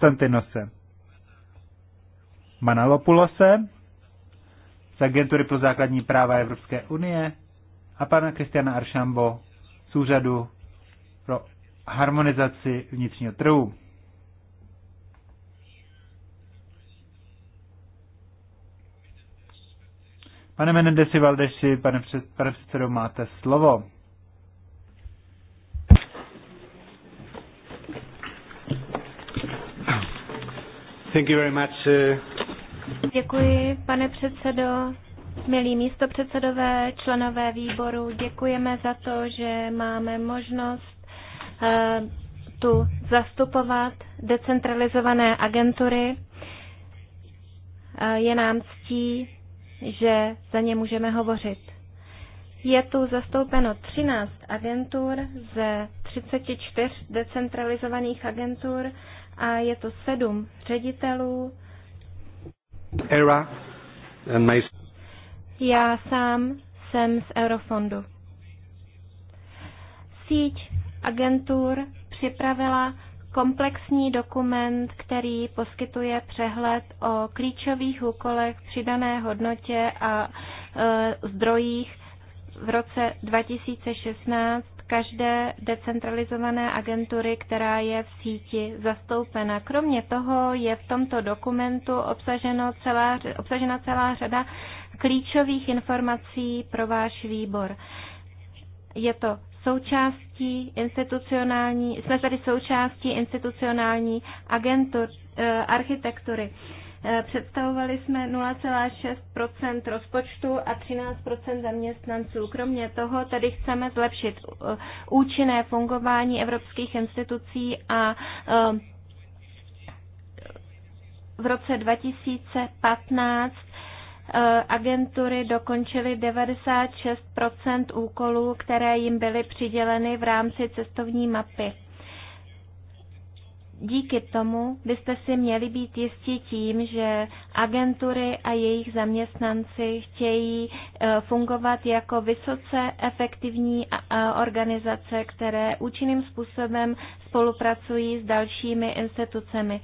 Konstantinose Manalopulose z Agentury pro základní práva Evropské unie a pana Kristiana Aršambo z Úřadu pro harmonizaci vnitřního trhu. Pane Menendesi Valdeši, pane, před, pane předsedo, máte slovo. Thank you very much. Uh, Děkuji, pane předsedo. Milí místopředsedové, členové výboru, děkujeme za to, že máme možnost uh, tu zastupovat decentralizované agentury. Uh, je nám ctí, že za ně můžeme hovořit. Je tu zastoupeno 13 agentur ze 34 decentralizovaných agentur a je to sedm ředitelů. Era and my... Já sám jsem z Eurofondu. Síť agentur připravila komplexní dokument, který poskytuje přehled o klíčových úkolech, přidané hodnotě a e, zdrojích v roce 2016 každé decentralizované agentury, která je v síti zastoupena. Kromě toho je v tomto dokumentu obsaženo celá, obsažena celá řada klíčových informací pro váš výbor. Je to součástí institucionální, jsme tady součástí institucionální agentur, eh, architektury. Eh, představovali jsme 0,6 rozpočtu a 13 zaměstnanců. Kromě toho tedy chceme zlepšit eh, účinné fungování evropských institucí a eh, v roce 2015 agentury dokončily 96 úkolů, které jim byly přiděleny v rámci cestovní mapy díky tomu byste si měli být jistí tím, že agentury a jejich zaměstnanci chtějí eh, fungovat jako vysoce efektivní organizace, které účinným způsobem spolupracují s dalšími institucemi.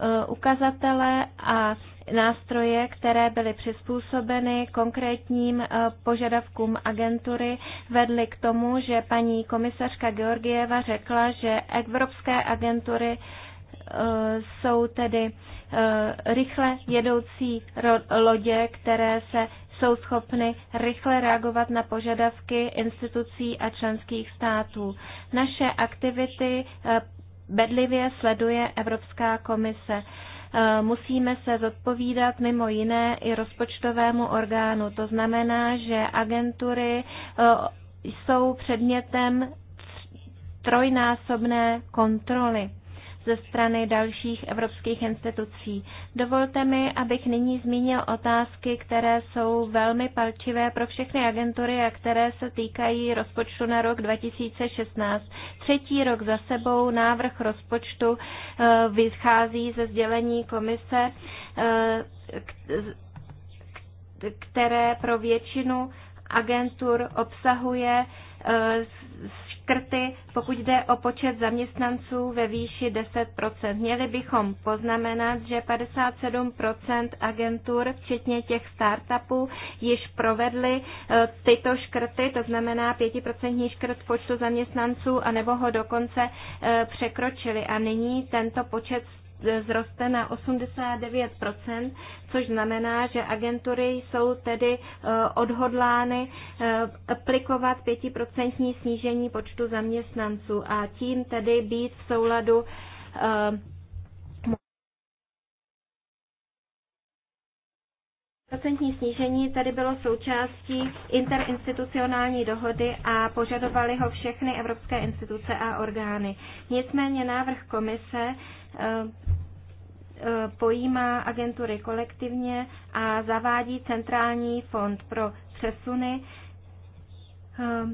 Eh, ukazatele a nástroje, které byly přizpůsobeny konkrétním eh, požadavkům agentury, vedly k tomu, že paní komisařka Georgieva řekla, že evropské agentury eh, jsou tedy eh, rychle jedoucí lodě, které se jsou schopny rychle reagovat na požadavky institucí a členských států. Naše aktivity bedlivě sleduje Evropská komise. Eh, musíme se zodpovídat mimo jiné i rozpočtovému orgánu. To znamená, že agentury eh, jsou předmětem trojnásobné kontroly ze strany dalších evropských institucí. Dovolte mi, abych nyní zmínil otázky, které jsou velmi palčivé pro všechny agentury a které se týkají rozpočtu na rok 2016. Třetí rok za sebou návrh rozpočtu eh, vychází ze sdělení komise, eh, které pro většinu agentur obsahuje eh, škrty, pokud jde o počet zaměstnanců ve výši 10 Měli bychom poznamenat, že 57 agentur, včetně těch startupů, již provedly e, tyto škrty, to znamená 5 škrt počtu zaměstnanců, anebo ho dokonce e, překročili. A nyní tento počet vzroste na 89 což znamená, že agentury jsou tedy eh, odhodlány eh, aplikovat 5 snížení počtu zaměstnanců a tím tedy být v souladu eh, Procentní snížení tady bylo součástí interinstitucionální dohody a požadovaly ho všechny evropské instituce a orgány. Nicméně návrh komise eh, eh, pojímá agentury kolektivně a zavádí centrální fond pro přesuny eh,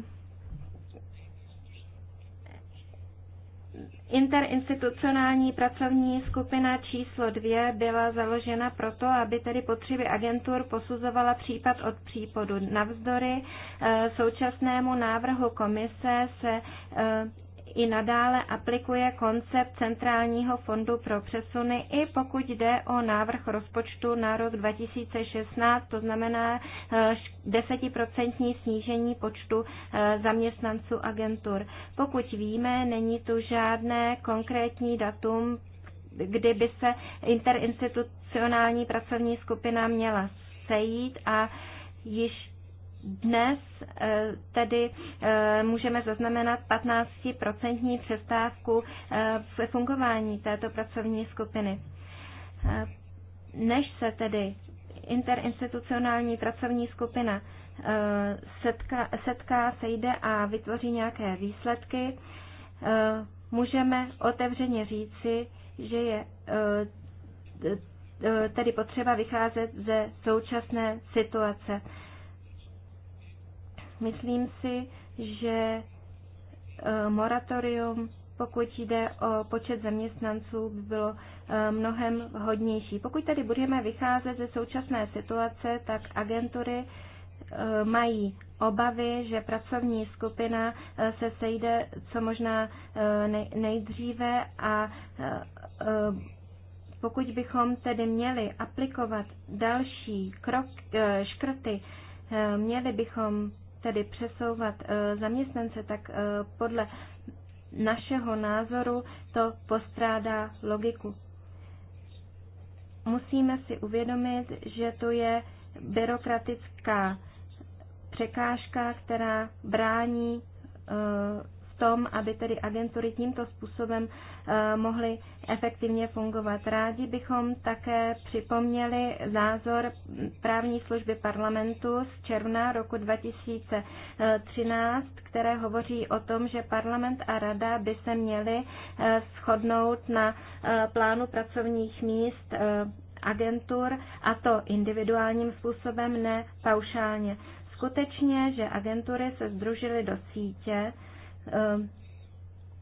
Interinstitucionální pracovní skupina číslo dvě byla založena proto, aby tedy potřeby agentur posuzovala případ od případu. Navzdory eh, současnému návrhu komise se eh, i nadále aplikuje koncept Centrálního fondu pro přesuny, i pokud jde o návrh rozpočtu na rok 2016, to znamená eh, desetiprocentní snížení počtu eh, zaměstnanců agentur. Pokud víme, není tu žádné konkrétní datum, kdyby by se interinstitucionální pracovní skupina měla sejít a již dnes eh, tedy eh, můžeme zaznamenat 15% přestávku eh, ve fungování této pracovní skupiny. Než se tedy interinstitucionální pracovní skupina setká, setká, sejde a vytvoří nějaké výsledky, můžeme otevřeně říci, že je tedy potřeba vycházet ze současné situace. Myslím si, že eh, moratorium, pokud jde o počet zaměstnanců, by bylo eh, mnohem hodnější. Pokud tady budeme vycházet ze současné situace, tak agentury eh, mají obavy, že pracovní skupina se sejde co možná nejdříve a pokud bychom tedy měli aplikovat další krok, škrty, měli bychom tedy přesouvat eh, zaměstnance, tak eh, podle našeho názoru to postrádá logiku. Musíme si uvědomit, že to je byrokratická překážka, která brání eh, tom, aby tedy agentury tímto způsobem eh, mohly efektivně fungovat. Rádi bychom také připomněli názor právní služby parlamentu z června roku 2013, které hovoří o tom, že parlament a rada by se měly eh, shodnout na eh, plánu pracovních míst agentur, a to individuálním způsobem, ne paušálně. Skutečně, že agentury se združily do sítě, Ehm,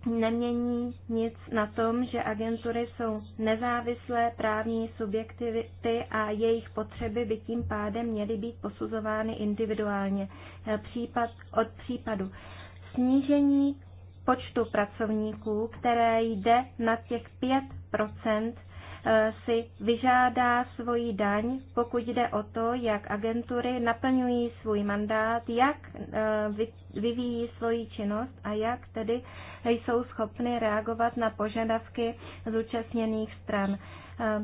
nemění nic na tom, že agentury jsou nezávislé právní subjektivity a jejich potřeby by tím pádem měly být posuzovány individuálně ehm, případ od případu. Snížení počtu pracovníků, které jde na těch 5 si vyžádá svoji daň, pokud jde o to, jak agentury naplňují svůj mandát, jak eh, vyvíjí svoji činnost a jak tedy jsou schopny reagovat na požadavky zúčastněných stran. Eh,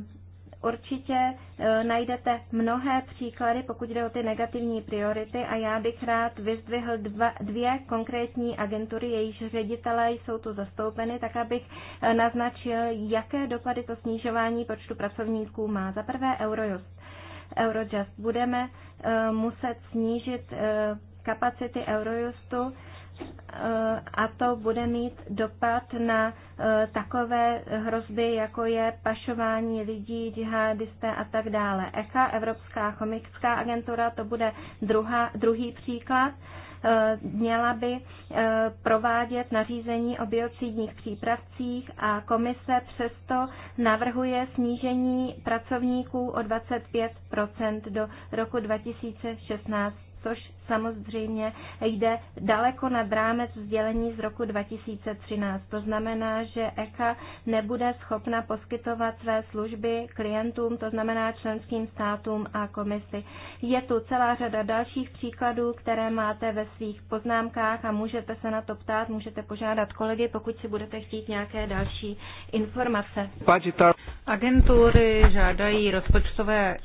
Určitě eh, najdete mnohé příklady, pokud jde o ty negativní priority a já bych rád vyzdvihl dva, dvě konkrétní agentury, jejichž ředitelé jsou tu zastoupeny, tak abych eh, naznačil, jaké dopady to snižování počtu pracovníků má. Za prvé Eurojust. Eurojust. Budeme eh, muset snížit kapacity Eurojustu a to bude mít dopad na e, takové hrozby, jako je pašování lidí, džihadisté a tak dále. ECHA, Evropská chemická agentura, to bude druhá, druhý příklad e, měla by e, provádět nařízení o biocidních přípravcích a komise přesto navrhuje snížení pracovníků o 25 do roku 2016 což samozřejmě jde daleko nad rámec vzdělení z roku 2013. To znamená, že ECHA nebude schopna poskytovat své služby klientům, to znamená členským státům a komisi. Je tu celá řada dalších příkladů, které máte ve svých poznámkách a můžete se na to ptát, můžete požádat kolegy, pokud si budete chtít nějaké další informace. Agentury žádají rozpočtové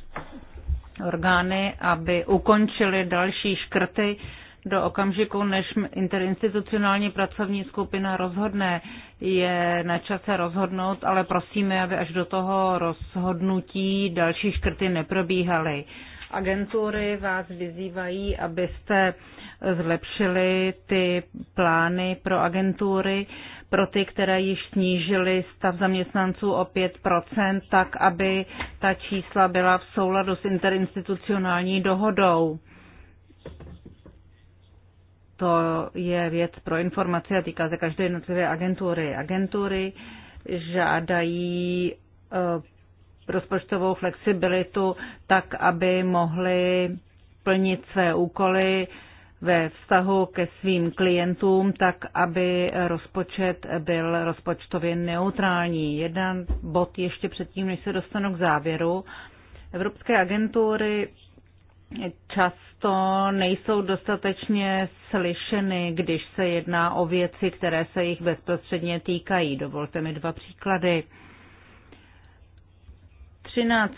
orgány, aby ukončili další škrty do okamžiku, než interinstitucionální pracovní skupina rozhodne. Je na čase rozhodnout, ale prosíme, aby až do toho rozhodnutí další škrty neprobíhaly. Agentury vás vyzývají, abyste zlepšili ty plány pro agentury pro ty, které již snížili stav zaměstnanců o 5 tak aby ta čísla byla v souladu s interinstitucionální dohodou. To je věc pro informace a týká se každé jednotlivé agentury. Agentury žádají eh, rozpočtovou flexibilitu tak, aby mohly plnit své úkoly, ve vztahu ke svým klientům, tak aby rozpočet byl rozpočtově neutrální. Jeden bod ještě předtím, než se dostanu k závěru. Evropské agentury často nejsou dostatečně slyšeny, když se jedná o věci, které se jich bezprostředně týkají. Dovolte mi dva příklady. 13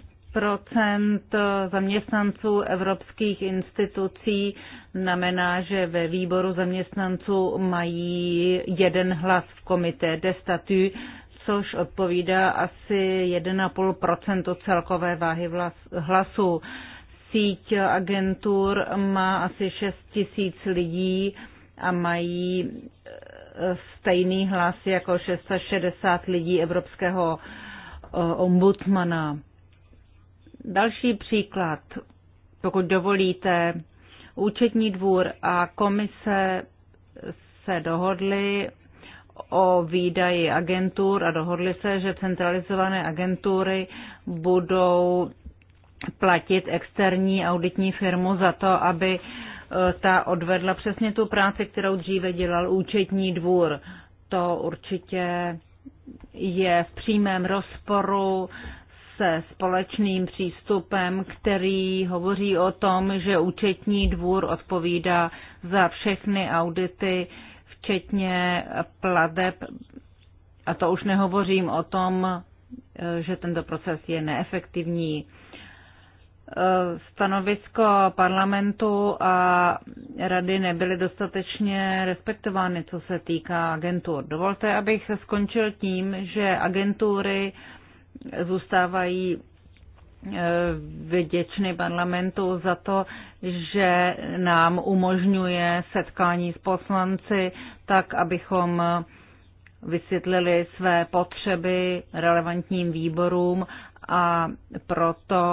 zaměstnanců evropských institucí znamená, že ve výboru zaměstnanců mají jeden hlas v komité de statu, což odpovídá asi 1,5 celkové váhy hlasů. Síť agentur má asi 6 tisíc lidí a mají e, stejný hlas jako 660 lidí evropského e, ombudsmana. Další příklad, pokud dovolíte, účetní dvůr a komise se dohodly o výdaji agentur a dohodli se, že centralizované agentury budou platit externí auditní firmu za to, aby eh, ta odvedla přesně tu práci, kterou dříve dělal účetní dvůr. To určitě je v přímém rozporu se společným přístupem, který hovoří o tom, že účetní dvůr odpovídá za všechny audity, včetně pladeb. A to už nehovořím o tom, že tento proces je neefektivní. Stanovisko parlamentu a rady nebyly dostatečně respektovány, co se týká agentur. Dovolte, abych se skončil tím, že agentury zůstávají eh, vděčný parlamentu za to, že nám umožňuje setkání s poslanci tak, abychom vysvětlili své potřeby relevantním výborům a proto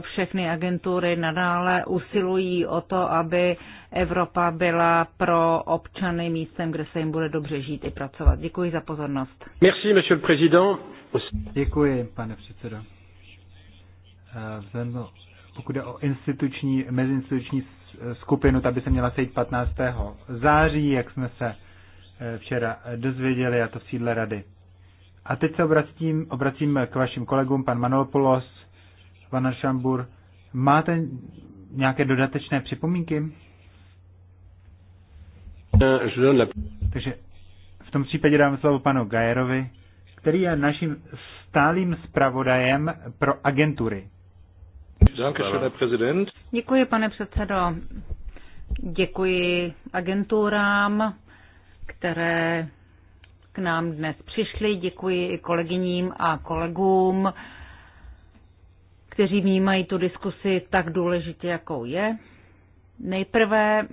všechny agentury nadále usilují o to, aby Evropa byla pro občany místem, kde se jim bude dobře žít i pracovat. Děkuji za pozornost. Merci, monsieur le président. Děkuji, pane předsedo. Vzhledem, pokud je o instituční, meziinstituční skupinu, ta by se měla sejít 15. září, jak jsme se eh, včera dozvěděli, a to v sídle rady. A teď se obracím, obracím k vašim kolegům, pan Manopoulos, pan Šambur. Máte nějaké dodatečné připomínky? Eh, Takže v tom případě dám slovo panu Gajerovi který je naším stálým zpravodajem pro agentury. Děkuji, pane předsedo. Děkuji agenturám, které k nám dnes přišly. Děkuji i kolegyním a kolegům, kteří vnímají tu diskusi tak důležitě, jakou je. Nejprve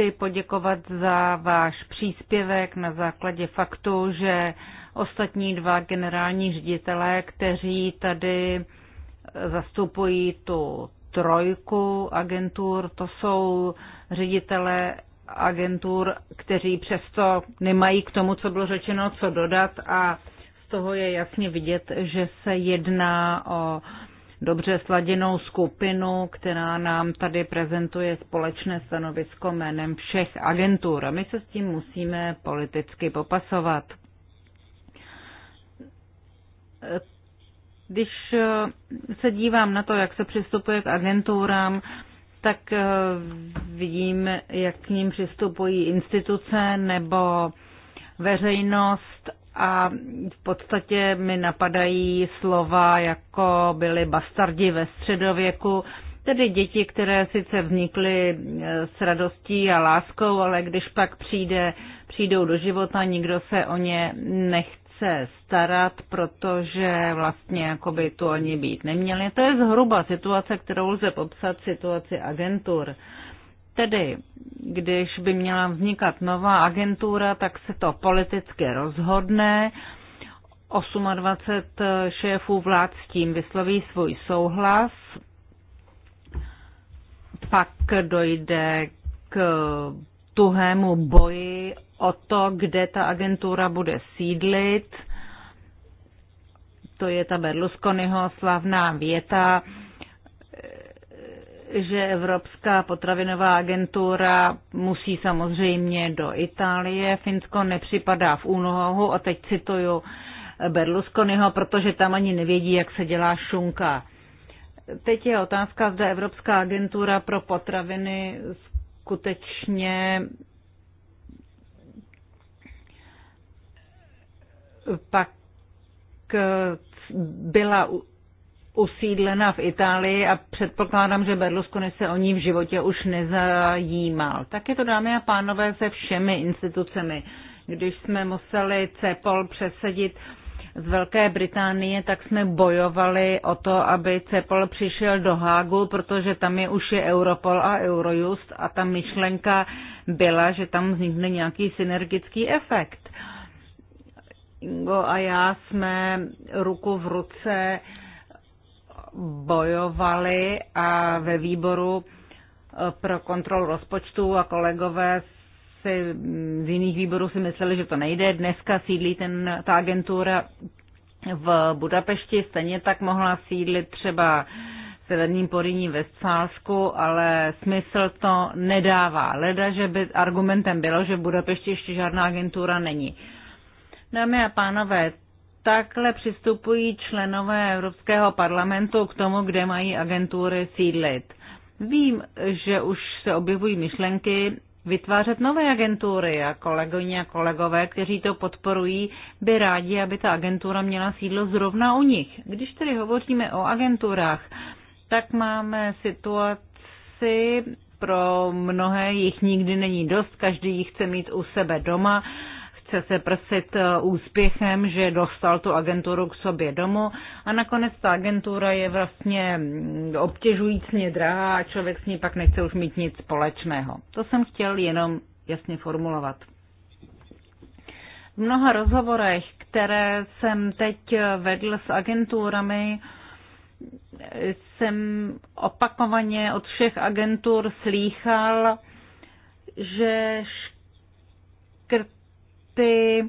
chci poděkovat za váš příspěvek na základě faktu, že ostatní dva generální ředitelé, kteří tady zastupují tu trojku agentur, to jsou ředitele agentur, kteří přesto nemají k tomu, co bylo řečeno, co dodat a z toho je jasně vidět, že se jedná o dobře sladěnou skupinu, která nám tady prezentuje společné stanovisko jménem všech agentur. A my se s tím musíme politicky popasovat. Když se dívám na to, jak se přistupuje k agenturám, tak vidím, jak k ním přistupují instituce nebo veřejnost a v podstatě mi napadají slova, jako byly bastardi ve středověku, tedy děti, které sice vznikly e, s radostí a láskou, ale když pak přijde, přijdou do života, nikdo se o ně nechce starat, protože vlastně jako by tu ani být neměli. To je zhruba situace, kterou lze popsat situaci agentur. Tedy, když by měla vznikat nová agentura, tak se to politicky rozhodne. 28 šéfů vlád s tím vysloví svůj souhlas. Pak dojde k tuhému boji o to, kde ta agentura bude sídlit. To je ta Berlusconiho slavná věta, že Evropská potravinová agentura musí samozřejmě do Itálie. Finsko nepřipadá v únohu a teď cituju Berlusconiho, protože tam ani nevědí, jak se dělá šunka. Teď je otázka, zda Evropská agentura pro potraviny skutečně pak eh, byla usídlena v Itálii a předpokládám, že Berlusconi se o ní v životě už nezajímal. Tak je to, dámy a pánové, se všemi institucemi. Když jsme museli CEPOL přesedit z Velké Británie, tak jsme bojovali o to, aby CEPOL přišel do Hágu, protože tam je už je Europol a Eurojust a ta myšlenka byla, že tam vznikne nějaký synergický efekt. Ingo a já jsme ruku v ruce uh, bojovali a ve výboru eh, pro kontrolu rozpočtu a kolegové si mm, z jiných výborů si mysleli, že to nejde. Dneska sídlí ten, ta agentura v Budapešti, stejně tak mohla sídlit třeba v severním Poríní ve Scálsku, ale smysl to nedává. Leda, že by argumentem bylo, že v Budapešti ještě žádná agentura není. Dámy a pánové, takhle přistupují členové Evropského parlamentu k tomu, kde mají agentury sídlit. Vím, že už se objevují myšlenky vytvářet nové agentury a kolegyně a kolegové, kteří to podporují, by rádi, aby ta agentura měla sídlo zrovna u nich. Když tedy hovoříme o agenturách, tak máme situaci, pro mnohé jich nikdy není dost, každý jich chce mít u sebe doma chce se prsit eh, úspěchem, že dostal tu agenturu k sobě domů a nakonec ta agentura je vlastně mm, obtěžujícně drahá a člověk s ní pak nechce už mít nic společného. To jsem chtěl jenom jasně formulovat. V mnoha rozhovorech, které jsem teď eh, vedl s agenturami, jsem opakovaně od všech agentur slýchal, že škrt ty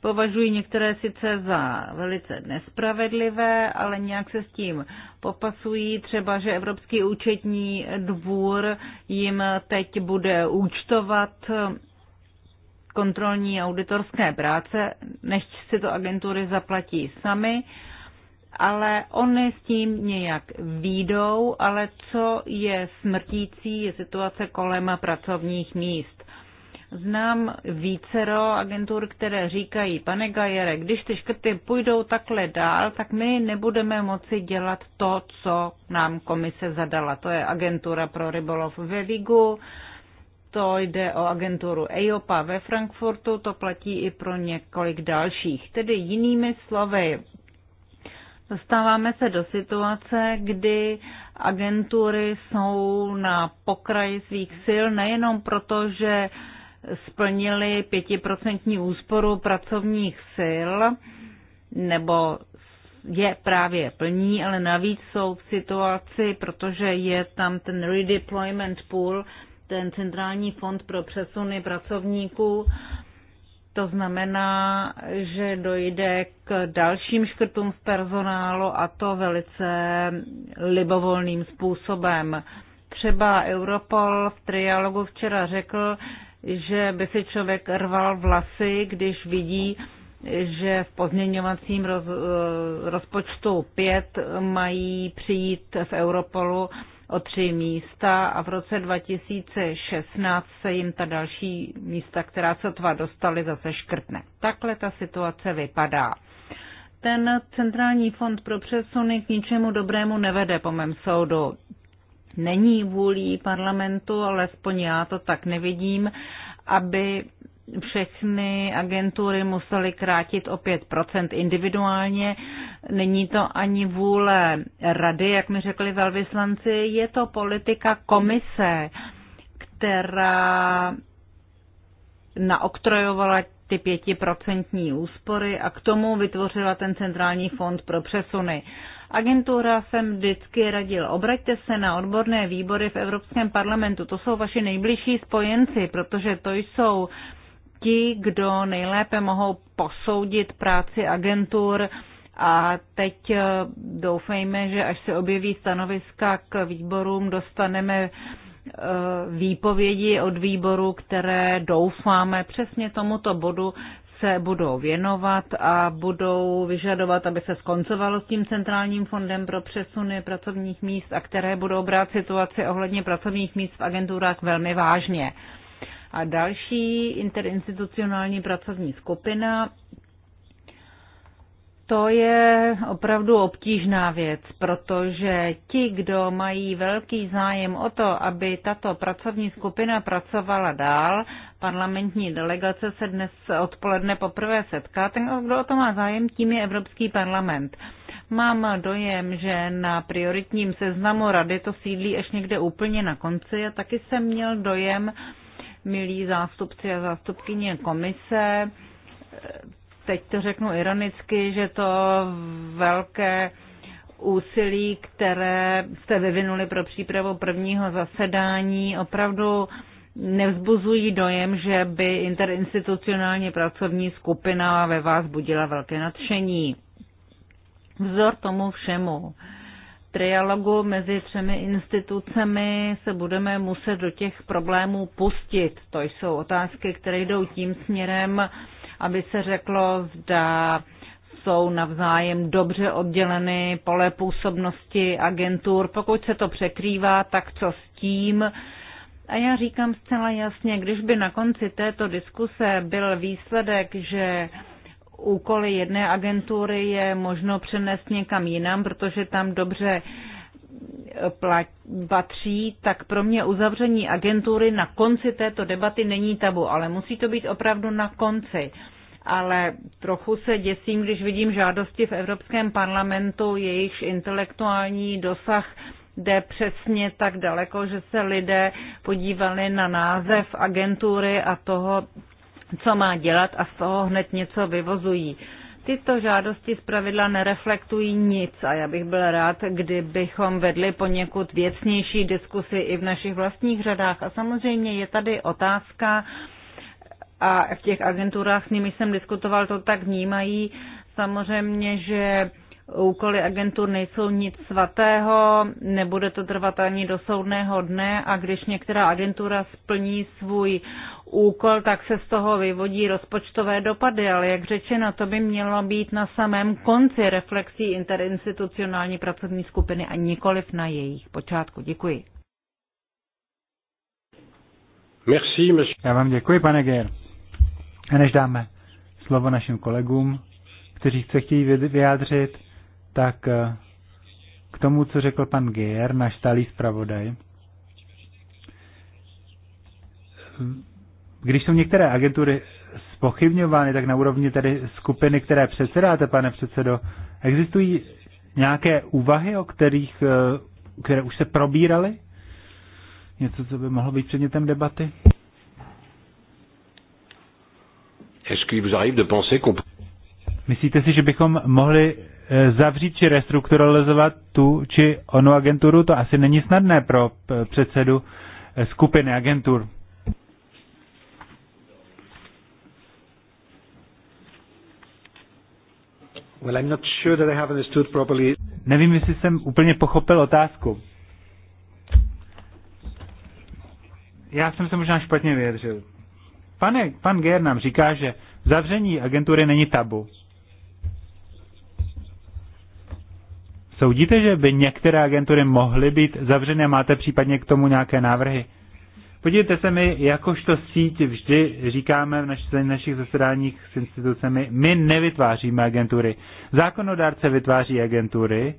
považují některé sice za velice nespravedlivé, ale nějak se s tím popasují. Třeba, že Evropský účetní dvůr jim teď bude účtovat kontrolní auditorské práce, než si to agentury zaplatí sami, ale oni s tím nějak výjdou, ale co je smrtící, je situace kolem pracovních míst. Znám vícero agentur, které říkají, pane Gajere, když ty škrty půjdou takhle dál, tak my nebudeme moci dělat to, co nám komise zadala. To je agentura pro rybolov ve Ligu, to jde o agenturu EIOPA ve Frankfurtu, to platí i pro několik dalších. Tedy jinými slovy, dostáváme se do situace, kdy agentury jsou na pokraji svých sil nejenom proto, že uh, splnili pětiprocentní úsporu pracovních sil, nebo je právě plní, ale navíc jsou v situaci, protože je tam ten redeployment pool, ten centrální fond pro přesuny pracovníků, to znamená, že dojde k dalším škrtům v personálu a to velice libovolným způsobem. Třeba Europol v trialogu včera řekl, že by si člověk rval vlasy, když vidí, že v pozměňovacím roz, eh, rozpočtu 5 mají přijít v Europolu o tři místa a v roce 2016 se jim ta další místa, která se tva dostali, zase škrtne. Takhle ta situace vypadá. Ten centrální fond pro přesuny k ničemu dobrému nevede po mém soudu není vůlí parlamentu, alespoň já to tak nevidím, aby všechny agentury musely krátit o 5% individuálně. Není to ani vůle rady, jak mi řekli velvyslanci, je to politika komise, která naoktrojovala ty pětiprocentní úspory a k tomu vytvořila ten centrální fond pro přesuny. Uh, Agentura jsem vždycky radil, obraťte se na odborné výbory v Evropském parlamentu, to jsou vaši nejbližší spojenci, protože to jsou ti, kdo nejlépe mohou posoudit práci agentur a teď eh, doufejme, že až se objeví stanoviska k výborům, dostaneme eh, výpovědi od výboru, které doufáme přesně tomuto bodu se budou věnovat a budou vyžadovat, aby se skoncovalo s tím centrálním fondem pro přesuny pracovních míst a které budou brát situaci ohledně pracovních míst v agenturách velmi vážně. A další interinstitucionální pracovní skupina to je opravdu obtížná věc, protože ti, kdo mají velký zájem o to, aby tato pracovní skupina pracovala dál, parlamentní delegace se dnes odpoledne poprvé setká, ten, kdo o to má zájem, tím je Evropský parlament. Mám dojem, že na prioritním seznamu rady to sídlí až někde úplně na konci a taky jsem měl dojem, milí zástupci a zástupkyně komise, teď to řeknu ironicky, že to velké úsilí, které jste vyvinuli pro přípravu prvního zasedání, opravdu nevzbuzují dojem, že by interinstitucionální pracovní skupina ve vás budila velké nadšení. Vzor tomu všemu. Trialogu mezi třemi institucemi se budeme muset do těch problémů pustit. To jsou otázky, které jdou tím směrem, aby se řeklo, zda jsou navzájem dobře odděleny pole působnosti agentur. Pokud se to překrývá, tak co s tím? A já říkám zcela jasně, když by na konci této diskuse byl výsledek, že úkoly jedné agentury je možno přenést někam jinam, protože tam dobře uh, patří, tak pro mě uzavření agentury na konci této debaty není tabu, ale musí to být opravdu na konci. Ale trochu se děsím, když vidím žádosti v Evropském parlamentu, jejichž intelektuální dosah jde přesně tak daleko, že se lidé podívali na název agentury a toho, co má dělat a z toho hned něco vyvozují. Tyto žádosti zpravidla nereflektují nic a já bych byl rád, kdybychom vedli poněkud věcnější diskusy i v našich vlastních řadách. A samozřejmě je tady otázka, a v těch agenturách, s nimi jsem diskutoval, to tak vnímají, samozřejmě, že úkoly agentur nejsou nic svatého, nebude to trvat ani do soudného dne a když některá agentura splní svůj úkol, tak se z toho vyvodí rozpočtové dopady, ale jak řečeno, to by mělo být na samém konci reflexí interinstitucionální pracovní skupiny a nikoliv na jejich počátku. Děkuji. Merci, monsieur. Já vám děkuji, pane Gér. A než dáme slovo našim kolegům, kteří se chtějí vyjádřit, tak eh, k tomu, co řekl pan Geer, náš stálý zpravodaj. Když jsou některé agentury spochybňovány, tak na úrovni tedy skupiny, které předsedáte, pane předsedo, existují nějaké úvahy, o kterých, eh, které už se probíraly? Něco, co by mohlo být předmětem debaty? Myslíte si, že bychom mohli Eh, zavřít či restrukturalizovat tu či onu agenturu, to asi není snadné pro eh, předsedu eh, skupiny agentur. Well, I'm not sure that I have understood properly. Nevím, jestli jsem úplně pochopil otázku. Já jsem se možná špatně vyjadřil. Pane, pan Ger nám říká, že zavření agentury není tabu. Soudíte, že by některé agentury mohly být zavřeny a máte případně k tomu nějaké návrhy? Podívejte se, my jakožto síť vždy říkáme v naš, našich zasedáních s institucemi, my nevytváříme agentury. Zákonodárce vytváří agentury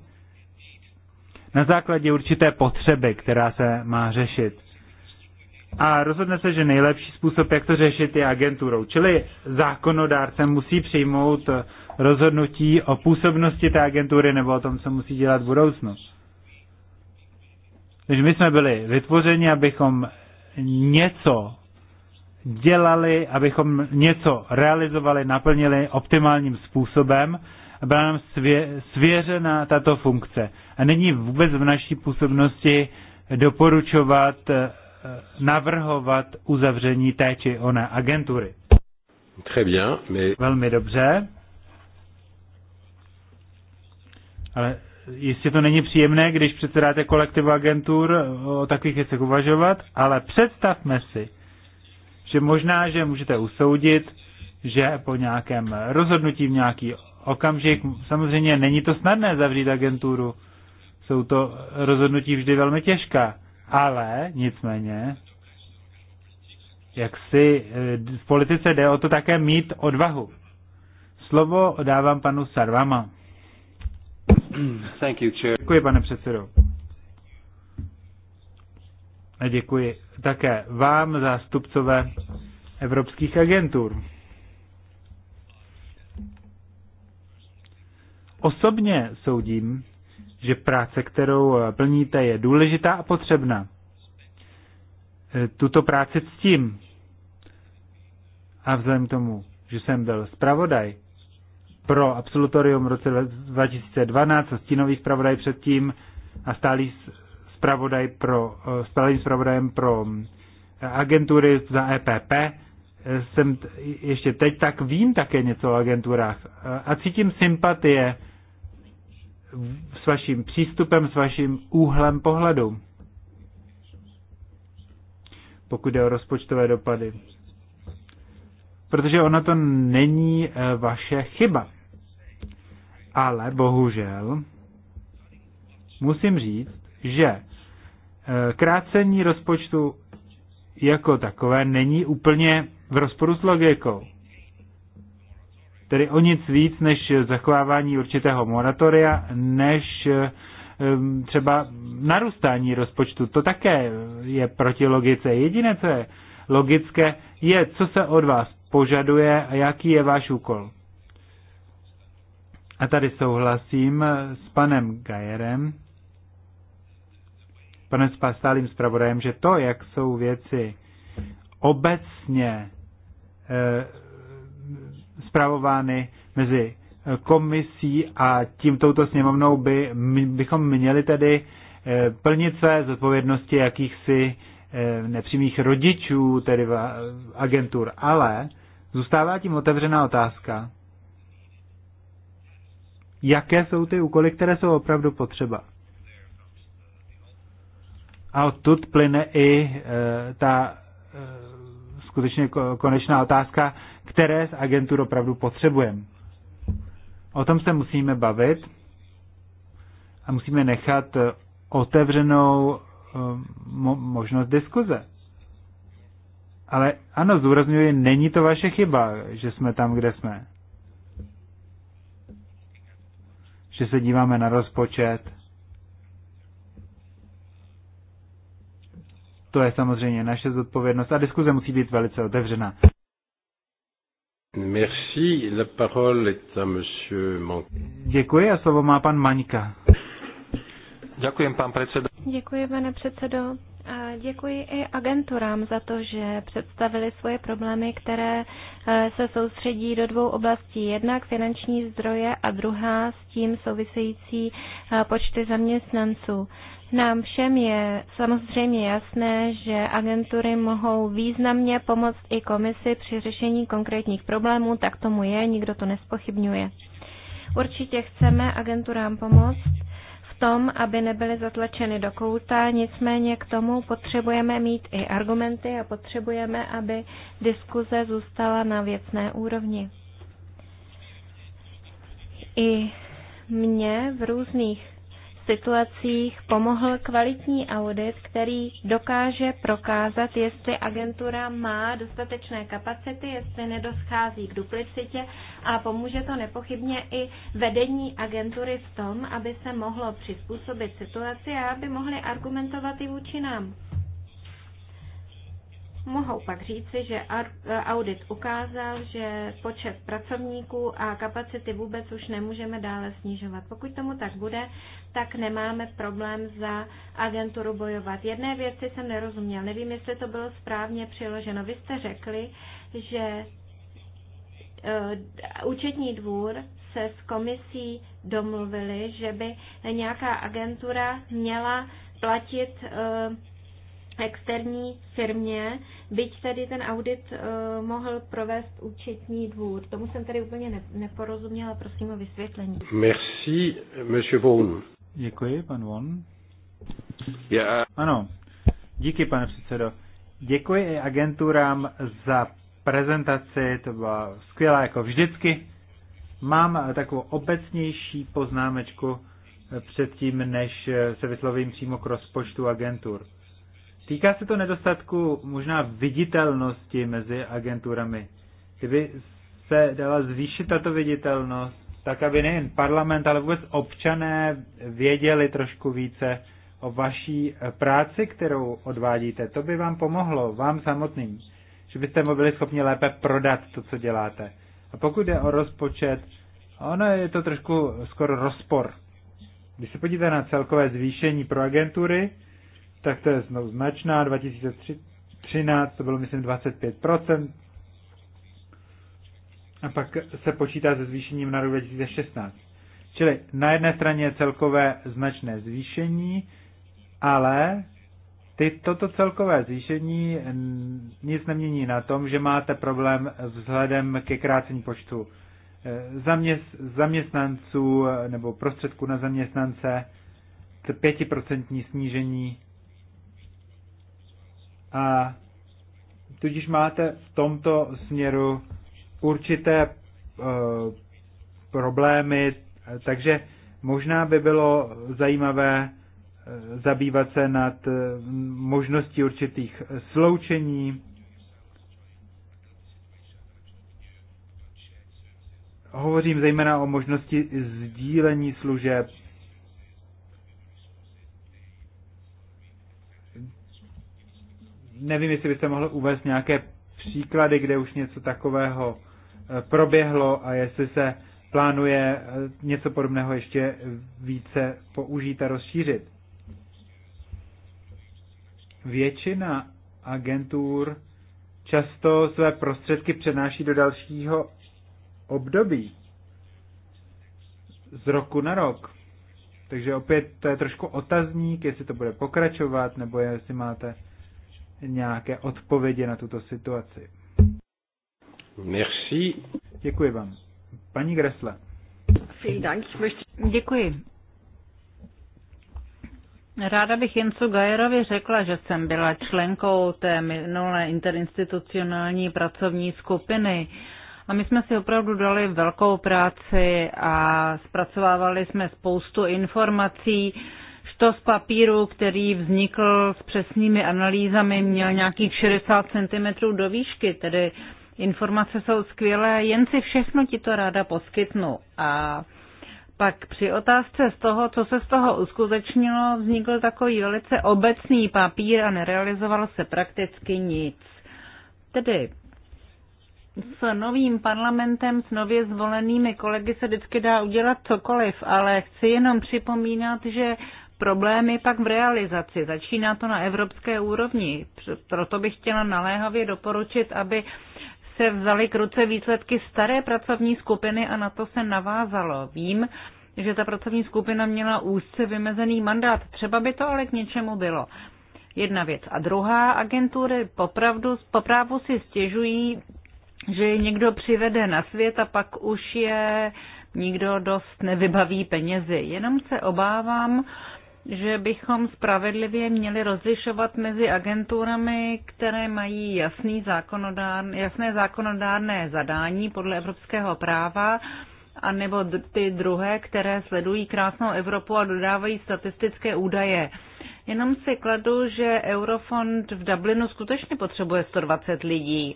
na základě určité potřeby, která se má řešit. A rozhodne se, že nejlepší způsob, jak to řešit, je agenturou. Čili zákonodárce musí přijmout rozhodnutí o působnosti té agentury nebo o tom, co musí dělat budoucnost. Takže my jsme byli vytvořeni, abychom něco dělali, abychom něco realizovali, naplnili optimálním způsobem a byla nám svěřena tato funkce. A není vůbec v naší působnosti doporučovat, eh, navrhovat uzavření té či oné agentury. Très bien, mais... Velmi dobře, Ale jistě to není příjemné, když předsedáte kolektivu agentur o takových věcech uvažovat, ale představme si, že možná, že můžete usoudit, že po nějakém rozhodnutí v nějaký okamžik, samozřejmě není to snadné zavřít agenturu, jsou to rozhodnutí vždy velmi těžká, ale nicméně, jak si eh, v politice jde o to také mít odvahu. Slovo dávám panu Sarvama. Thank you, chair. Děkuji, pane předsedo. A děkuji také vám, zástupcové evropských agentur. Osobně soudím, že práce, kterou plníte, je důležitá a potřebná. Tuto práci ctím. A vzhledem k tomu, že jsem byl zpravodaj pro absolutorium v roce 2012 a stínový zpravodaj předtím a stálý zpravodaj pro, eh, stálým zpravodajem pro mm, agentury za EPP. Eh, jsem ještě teď tak vím také něco o agenturách eh, a cítím sympatie s vaším přístupem, s vaším úhlem pohledu, pokud jde o rozpočtové dopady. Protože ona to není vaše chyba ale bohužel musím říct, že e, krácení rozpočtu jako takové není úplně v rozporu s logikou. Tedy o nic víc než zachovávání určitého moratoria, než e, třeba narůstání rozpočtu. To také je proti logice. Jediné, co je logické, je, co se od vás požaduje a jaký je váš úkol. A tady souhlasím s panem Gajerem, panem stálým zpravodajem, že to, jak jsou věci obecně e, eh, zpravovány mezi eh, komisí a tím touto sněmovnou by, bychom měli tedy eh, plnit své zodpovědnosti jakýchsi nepřímých rodičů, tedy agentur. Ale zůstává tím otevřená otázka, jaké jsou ty úkoly, které jsou opravdu potřeba. A odtud plyne i e, ta e, skutečně konečná otázka, které z agentů opravdu potřebujeme. O tom se musíme bavit a musíme nechat e, otevřenou e, mo- možnost diskuze. Ale ano, zúraznuju, není to vaše chyba, že jsme tam, kde jsme. že se díváme na rozpočet. To je samozřejmě naše zodpovědnost a diskuze musí být velice otevřená. Merci. La parole est à monsieur Mank. Děkuji a slovo má pan Maňka. Děkuji, pan předsedo. Děkuji, pane předsedo děkuji i agenturám za to, že představili svoje problémy, které eh, se soustředí do dvou oblastí. Jednak finanční zdroje a druhá s tím související eh, počty zaměstnanců. Nám všem je samozřejmě jasné, že agentury mohou významně pomoct i komisi při řešení konkrétních problémů, tak tomu je, nikdo to nespochybňuje. Určitě chceme agenturám pomoct tom, aby nebyly zatlačeny do kouta, nicméně k tomu potřebujeme mít i argumenty a potřebujeme, aby diskuze zůstala na věcné úrovni. I mě v různých situacích pomohl kvalitní audit, který dokáže prokázat, jestli agentura má dostatečné kapacity, jestli nedoschází k duplicitě a pomůže to nepochybně i vedení agentury v tom, aby se mohlo přizpůsobit situaci a aby mohli argumentovat i vůči nám. Mohou pak říci, že audit ukázal, že počet pracovníků a kapacity vůbec už nemůžeme dále snižovat. Pokud tomu tak bude, tak nemáme problém za agenturu bojovat. Jedné věci jsem nerozuměl, nevím, jestli to bylo správně přiloženo. Vy jste řekli, že e, účetní dvůr se s komisí domluvili, že by nějaká agentura měla platit e, externí firmě, byť tady ten audit uh, mohl provést účetní dvůr. Tomu jsem tady úplně ne- neporozuměla, prosím o vysvětlení. Merci, monsieur Vaughan. Děkuji, pan Von. Yeah. Ano, díky, pane předsedo. Děkuji i agenturám za prezentaci, to byla skvělá jako vždycky. Mám takovou obecnější poznámečku eh, předtím, než eh, se vyslovím přímo k rozpočtu agentur. Týká se to nedostatku možná viditelnosti mezi agenturami. Kdyby se dala zvýšit tato viditelnost, tak aby nejen parlament, ale vůbec občané věděli trošku více o vaší práci, kterou odvádíte. To by vám pomohlo, vám samotným, že byste mu byli schopni lépe prodat to, co děláte. A pokud jde o rozpočet, ono je to trošku skoro rozpor. Když se podíváte na celkové zvýšení pro agentury, tak to je znovu značná. 2013 to bylo, myslím, 25%. A pak se počítá se zvýšením na rok 2016. Čili na jedné straně je celkové značné zvýšení, ale ty, toto celkové zvýšení nic nemění na tom, že máte problém vzhledem ke krácení počtu e, zaměstnanců e, nebo prostředků na zaměstnance, 5% snížení a tudíž máte v tomto směru určité eh, problémy, takže možná by bylo zajímavé eh, zabývat se nad eh, možností určitých sloučení. Hovořím zejména o možnosti sdílení služeb nevím, jestli byste mohl uvést nějaké příklady, kde už něco takového eh, proběhlo a jestli se plánuje eh, něco podobného ještě více použít a rozšířit. Většina agentur často své prostředky přenáší do dalšího období z roku na rok. Takže opět to je trošku otazník, jestli to bude pokračovat, nebo jestli máte nějaké odpovědi na tuto situaci. Merci. Děkuji vám. Paní Gressle. Děkuji. Ráda bych Jensu Gajerovi řekla, že jsem byla členkou té minulé interinstitucionální pracovní skupiny. A my jsme si opravdu dali velkou práci a zpracovávali jsme spoustu informací to z papíru, který vznikl s přesnými analýzami, měl nějakých 60 cm do výšky, tedy informace jsou skvělé, jen si všechno ti to ráda poskytnu. A pak při otázce z toho, co se z toho uskutečnilo, vznikl takový velice obecný papír a nerealizovalo se prakticky nic. Tedy s novým parlamentem, s nově zvolenými kolegy se vždycky dá udělat cokoliv, ale chci jenom připomínat, že problém je pak v realizaci. Začíná to na evropské úrovni. Proto bych chtěla naléhavě doporučit, aby se vzali k ruce výsledky staré pracovní skupiny a na to se navázalo. Vím, že ta pracovní skupina měla úzce vymezený mandát. Třeba by to ale k něčemu bylo. Jedna věc. A druhá, agentury popravdu, poprávu si stěžují, že je někdo přivede na svět a pak už je nikdo dost nevybaví penězi. Jenom se obávám, že bychom spravedlivě měli rozlišovat mezi agenturami, které mají jasný zákonodár, jasné zákonodárné zadání podle evropského práva, anebo ty druhé, které sledují krásnou Evropu a dodávají statistické údaje. Jenom si kladu, že Eurofond v Dublinu skutečně potřebuje 120 lidí.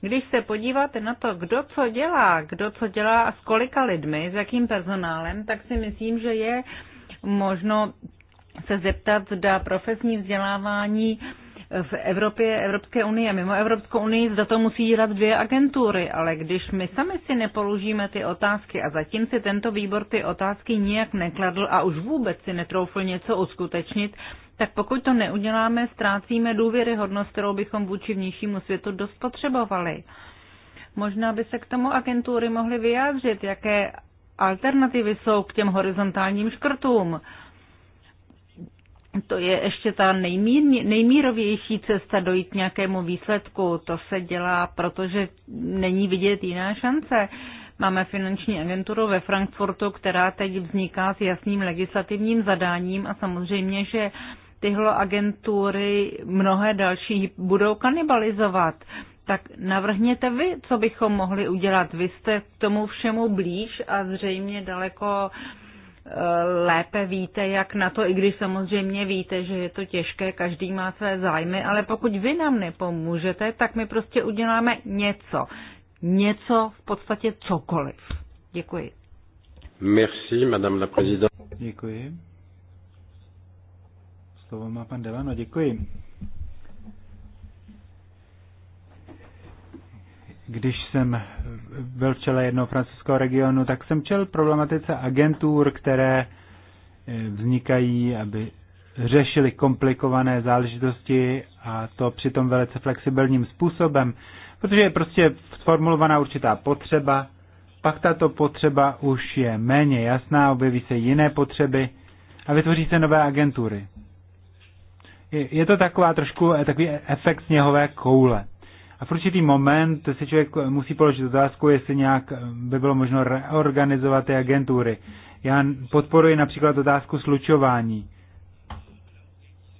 Když se podíváte na to, kdo co dělá, kdo co dělá a s kolika lidmi, s jakým personálem, tak si myslím, že je možno se zeptat, zda profesní vzdělávání v Evropě, Evropské unie, mimo Evropskou unii, zda to musí dělat dvě agentury, ale když my sami si nepoložíme ty otázky a zatím si tento výbor ty otázky nijak nekladl a už vůbec si netroufl něco uskutečnit, tak pokud to neuděláme, ztrácíme důvěryhodnost, kterou bychom vůči vnějšímu světu dost potřebovali. Možná by se k tomu agentury mohly vyjádřit, jaké alternativy jsou k těm horizontálním škrtům to je ještě ta nejmír, nejmírovější cesta dojít k nějakému výsledku. To se dělá, protože není vidět jiná šance. Máme finanční agenturu ve Frankfurtu, která teď vzniká s jasným legislativním zadáním a samozřejmě, že tyhle agentury mnohé další budou kanibalizovat. Tak navrhněte vy, co bychom mohli udělat. Vy jste k tomu všemu blíž a zřejmě daleko uh, lépe víte, jak na to, i když samozřejmě víte, že je to těžké, každý má své zájmy, ale pokud vy nám nepomůžete, tak my prostě uděláme něco. Něco, v podstatě cokoliv. Děkuji. Merci, madame la présidente. Děkuji. Slovo má pan Devano, děkuji. když jsem byl v čele jednoho francouzského regionu, tak jsem čel problematice agentur, které eh, vznikají, aby řešili komplikované záležitosti a to přitom velice flexibilním způsobem, protože je prostě sformulovaná určitá potřeba, pak tato potřeba už je méně jasná, objeví se jiné potřeby a vytvoří se nové agentury. Je to taková trošku eh, takový efekt sněhové koule. A v určitý moment si člověk musí položit otázku, jestli nějak by bylo možno reorganizovat ty agentury. Já podporuji například otázku slučování,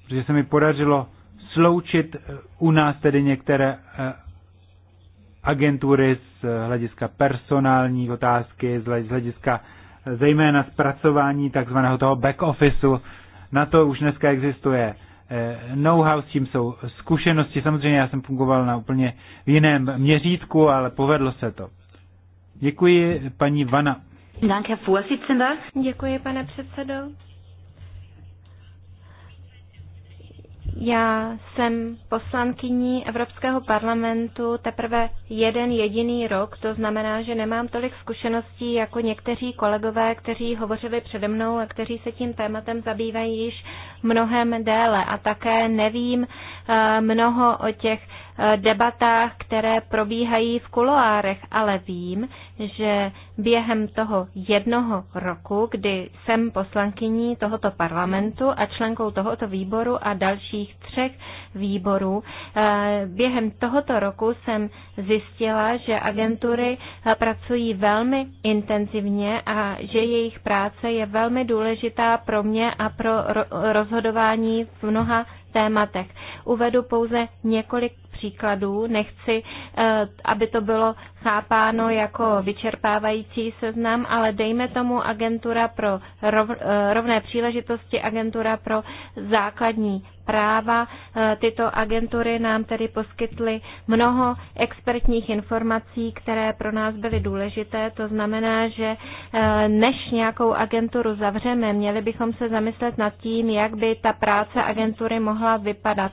protože se mi podařilo sloučit eh, u nás tedy některé eh, agentury z hlediska personální otázky, z hlediska eh, zejména zpracování takzvaného toho back officeu. Na to už dneska existuje Eh, know-how, s tím jsou zkušenosti. Samozřejmě já jsem fungoval na úplně v jiném měřítku, ale povedlo se to. Děkuji paní Vana. Děkuji, pane předsedo. Já jsem poslankyní Evropského parlamentu teprve jeden jediný rok, to znamená, že nemám tolik zkušeností jako někteří kolegové, kteří hovořili přede mnou a kteří se tím tématem zabývají již mnohem déle a také nevím eh, mnoho o těch debatách, které probíhají v kuloárech, ale vím, že během toho jednoho roku, kdy jsem poslankyní tohoto parlamentu a členkou tohoto výboru a dalších třech výborů, eh, během tohoto roku jsem zjistila, že agentury pracují velmi intenzivně a že jejich práce je velmi důležitá pro mě a pro rozhodování v mnoha tématech. Uvedu pouze několik příkladů. Nechci, eh, aby to bylo chápáno jako vyčerpávající seznam, ale dejme tomu agentura pro eh, rovné příležitosti, agentura pro základní práva. Eh, tyto agentury nám tedy poskytly mnoho expertních informací, které pro nás byly důležité. To znamená, že než nějakou agenturu zavřeme, měli bychom se zamyslet nad tím, jak by ta práce agentury mohla vypadat.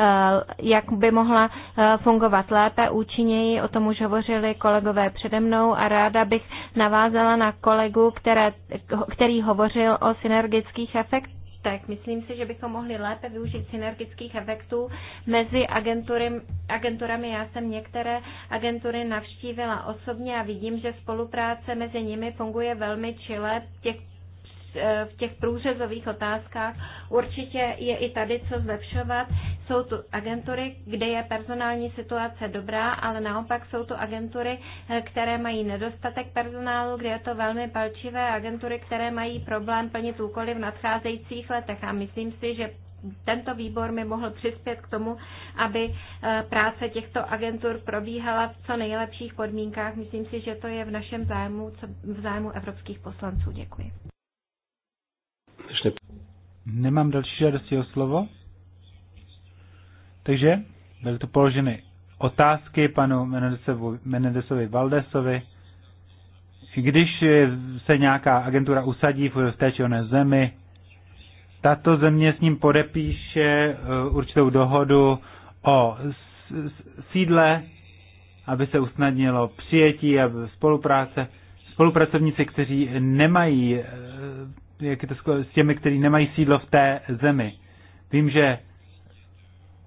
Eh, jak by mohla eh, fungovat lépe, účinněji. O tom už hovořili kolegové přede mnou a ráda bych navázala na kolegu, které, který hovořil o synergických efektech tak myslím si, že bychom mohli lépe využít synergických efektů mezi agentury, agenturami. Já jsem některé agentury navštívila osobně a vidím, že spolupráce mezi nimi funguje velmi čile. Těch Eh, v těch průřezových otázkách. Určitě je i tady co zlepšovat. Jsou tu agentury, kde je personální situace dobrá, ale naopak jsou tu agentury, eh, které mají nedostatek personálu, kde je to velmi palčivé, agentury, které mají problém plnit úkoly v nadcházejících letech. A myslím si, že tento výbor mi mohl přispět k tomu, aby eh, práce těchto agentur probíhala v co nejlepších podmínkách. Myslím si, že to je v našem zájmu, v zájmu evropských poslanců. Děkuji. Nemám další žádosti o slovo. Takže byly tu položeny otázky panu Menedesovi Valdesovi. Když se nějaká agentura usadí v té či oné zemi, tato země s ním podepíše eh, určitou dohodu o sídle, aby se usnadnilo přijetí a spolupráce. Spolupracovníci, kteří nemají eh, jak je to s těmi, kteří nemají sídlo v té zemi. Vím, že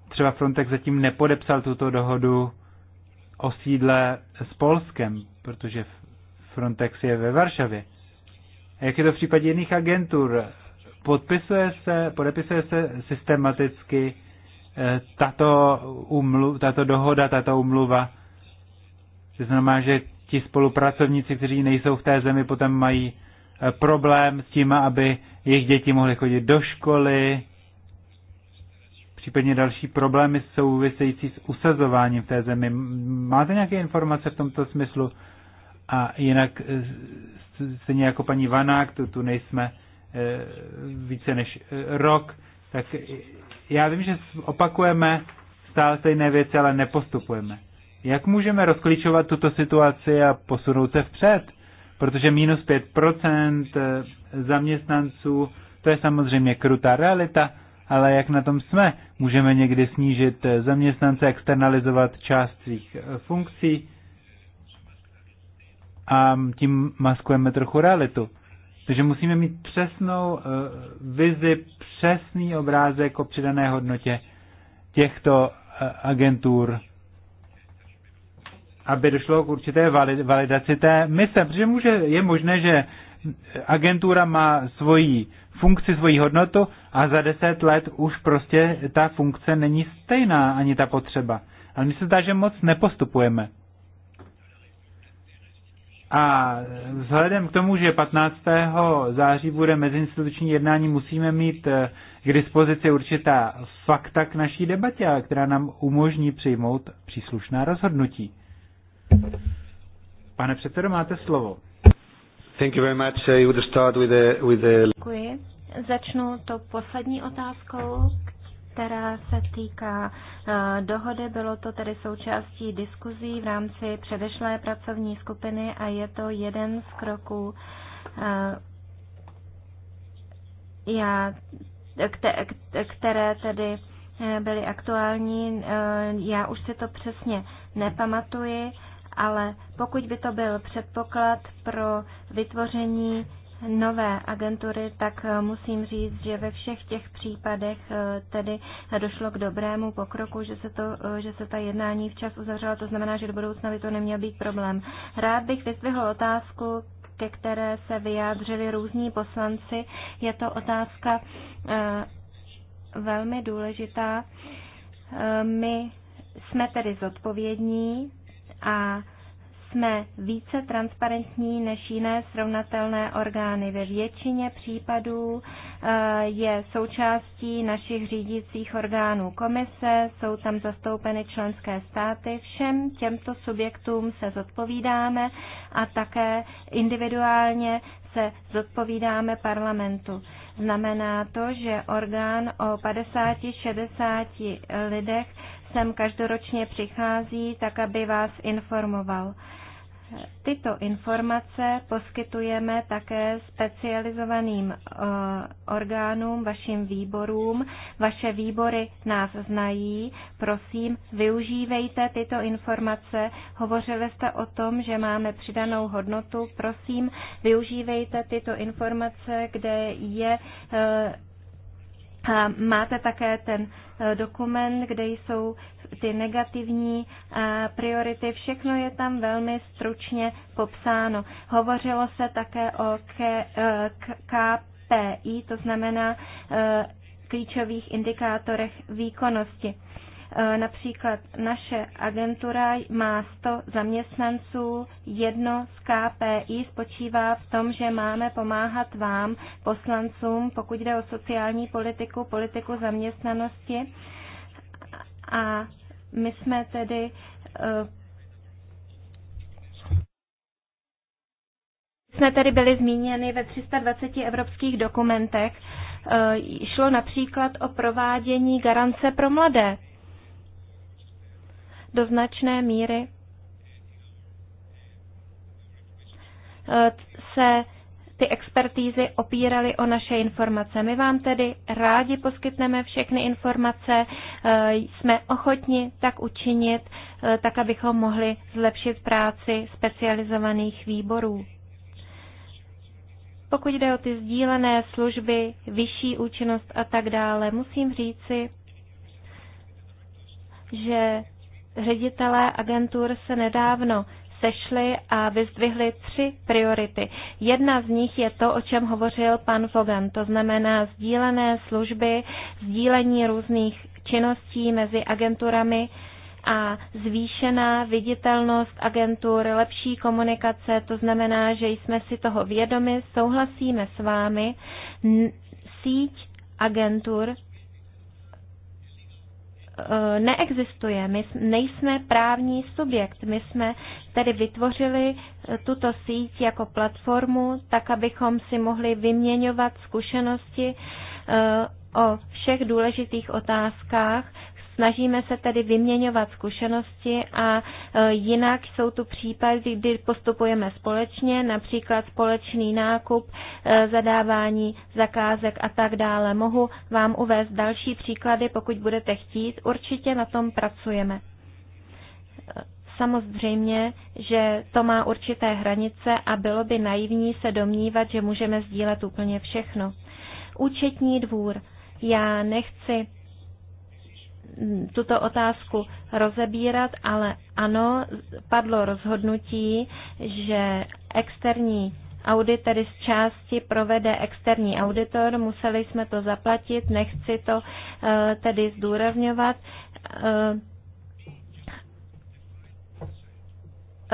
třeba Frontex zatím nepodepsal tuto dohodu o sídle s Polskem, protože Frontex je ve Varšavě. A jak je to v případě jiných agentur? Podpisuje se, podepisuje se systematicky eh, tato, umlu, tato dohoda, tato umluva. To znamená, že ti spolupracovníci, kteří nejsou v té zemi, potom mají Eh, problém s tím, aby jejich děti mohly chodit do školy, případně další problémy související s usazováním v té zemi. Máte nějaké informace v tomto smyslu? A jinak eh, stejně jako paní Vanák, tu, tu nejsme eh, více než rok, tak já vím, že opakujeme stále stejné věci, ale nepostupujeme. Jak můžeme rozklíčovat tuto situaci a posunout se vpřed? protože minus 5% eh, zaměstnanců, to je samozřejmě krutá realita, ale jak na tom jsme? Můžeme někdy snížit eh, zaměstnance, externalizovat část svých eh, funkcí a tím maskujeme trochu realitu. Takže musíme mít přesnou vizi, přesný obrázek o přidané hodnotě těchto agentur aby došlo k určité validaci té mise, protože může, je možné, že agentura má svoji funkci, svoji hodnotu a za deset let už prostě ta funkce není stejná ani ta potřeba. Ale mi se zdá, že moc nepostupujeme. A vzhledem k tomu, že 15. září bude meziinstituční jednání, musíme mít eh, k dispozici určitá fakta k naší debatě, která nám umožní přijmout příslušná rozhodnutí. Pane předsedo, máte slovo. Thank you very much. I would start with the, with the... Děkuji. Začnu to poslední otázkou, která se týká eh, dohody. Bylo to tedy součástí diskuzí v rámci předešlé pracovní skupiny a je to jeden z kroků. Eh, já, které tedy eh, byly aktuální, já už si to přesně nepamatuji ale pokud by to byl předpoklad pro vytvoření nové agentury, tak eh, musím říct, že ve všech těch případech eh, tedy eh, došlo k dobrému pokroku, že se, to, že se ta jednání včas uzavřela, to znamená, že do budoucna by to neměl být problém. Rád bych vyzvihl otázku, ke které se vyjádřili různí poslanci. Je to otázka velmi důležitá. My jsme tedy zodpovědní a jsme více transparentní než jiné srovnatelné orgány. Ve většině případů eh, je součástí našich řídících orgánů komise, jsou tam zastoupeny členské státy. Všem těmto subjektům se zodpovídáme a také individuálně se zodpovídáme parlamentu. Znamená to, že orgán o 50-60 lidech sem každoročně přichází, tak aby vás informoval. Tyto informace poskytujeme také specializovaným eh, orgánům, vašim výborům. Vaše výbory nás znají. Prosím, využívejte tyto informace. Hovořili jste o tom, že máme přidanou hodnotu. Prosím, využívejte tyto informace, kde je. Eh, máte také ten Eh, dokument, kde jsou ty negativní eh, priority. Všechno je tam velmi stručně popsáno. Hovořilo se také o KPI, eh, to znamená klíčových indikátorech výkonnosti. Eh, například naše agentura má 100 zaměstnanců, jedno z KPI spočívá v tom, že máme pomáhat vám, poslancům, pokud jde o sociální politiku, politiku zaměstnanosti. A my jsme tedy eh, jsme tedy byli zmíněni ve 320 evropských dokumentech. Eh, šlo například o provádění garance pro mladé do značné míry eh, se ty expertízy opíraly o naše informace. My vám tedy rádi poskytneme všechny informace, eh, jsme ochotni tak učinit, eh, tak abychom mohli zlepšit práci specializovaných výborů. Pokud jde o ty sdílené služby, vyšší účinnost a tak dále, musím říci, že ředitelé agentur se nedávno sešli a vyzdvihli tři priority. Jedna z nich je to, o čem hovořil pan Fogan, to znamená sdílené služby, sdílení různých činností mezi agenturami a zvýšená viditelnost agentur, lepší komunikace, to znamená, že jsme si toho vědomi, souhlasíme s vámi, síť agentur Eh, neexistuje. My nejsme právní subjekt. My jsme tedy vytvořili eh, tuto síť jako platformu, tak abychom si mohli vyměňovat zkušenosti eh, o všech důležitých otázkách Snažíme se tedy vyměňovat zkušenosti a e, jinak jsou tu případy, kdy postupujeme společně, například společný nákup, e, zadávání zakázek a tak dále. Mohu vám uvést další příklady, pokud budete chtít. Určitě na tom pracujeme. Samozřejmě, že to má určité hranice a bylo by naivní se domnívat, že můžeme sdílet úplně všechno. Účetní dvůr. Já nechci tuto otázku rozebírat, ale ano, padlo rozhodnutí, že externí audit tedy z části provede externí auditor, museli jsme to zaplatit, nechci to eh, tedy zdůrazňovat. Eh,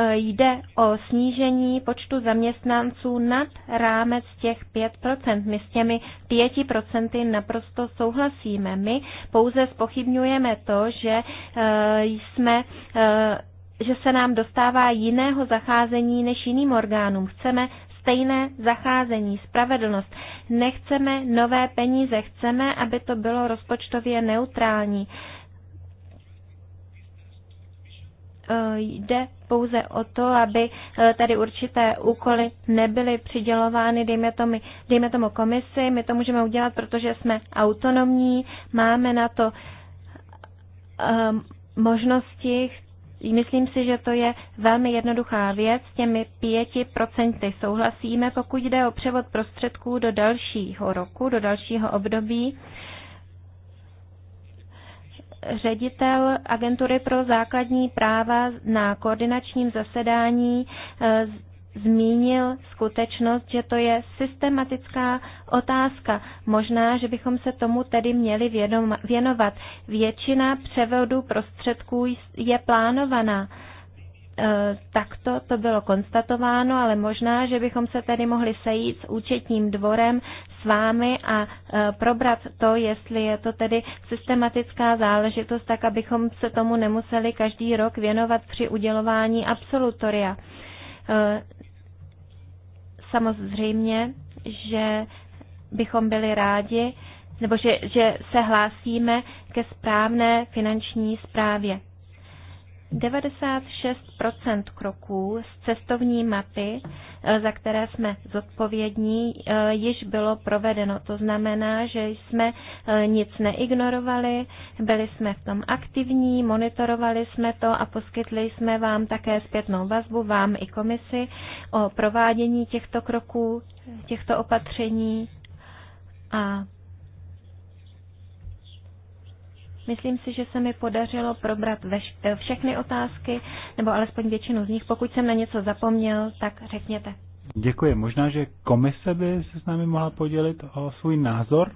Eh, jde o snížení počtu zaměstnanců nad rámec těch 5%. My s těmi 5% naprosto souhlasíme. My pouze spochybňujeme to, že eh, jsme eh, že se nám dostává jiného zacházení než jiným orgánům. Chceme stejné zacházení, spravedlnost. Nechceme nové peníze, chceme, aby to bylo rozpočtově neutrální. Eh, jde pouze o to, aby eh, tady určité úkoly nebyly přidělovány, dejme tomu, dejme tomu komisi, my to můžeme udělat, protože jsme autonomní, máme na to ehm, možnosti, Myslím si, že to je velmi jednoduchá věc. S těmi pěti procenty souhlasíme, pokud jde o převod prostředků do dalšího roku, do dalšího období. Uh, ředitel Agentury pro základní práva na koordinačním zasedání eh, zmínil skutečnost, že to je systematická otázka. Možná, že bychom se tomu tedy měli věnovat. Většina převodu prostředků je plánovaná. Eh, takto to bylo konstatováno, ale možná, že bychom se tady mohli sejít s účetním dvorem s vámi a eh, probrat to, jestli je to tedy systematická záležitost, tak abychom se tomu nemuseli každý rok věnovat při udělování absolutoria. Eh, samozřejmě, že bychom byli rádi, nebo že, že se hlásíme ke správné finanční správě. 96% kroků z cestovní mapy, eh, za které jsme zodpovědní, eh, již bylo provedeno. To znamená, že jsme eh, nic neignorovali, byli jsme v tom aktivní, monitorovali jsme to a poskytli jsme vám také zpětnou vazbu, vám i komisi, o provádění těchto kroků, těchto opatření a Myslím si, že se mi podařilo probrat veš, eh, všechny otázky, nebo alespoň většinu z nich. Pokud jsem na něco zapomněl, tak řekněte. Děkuji. Možná, že komise by se s námi mohla podělit o svůj názor.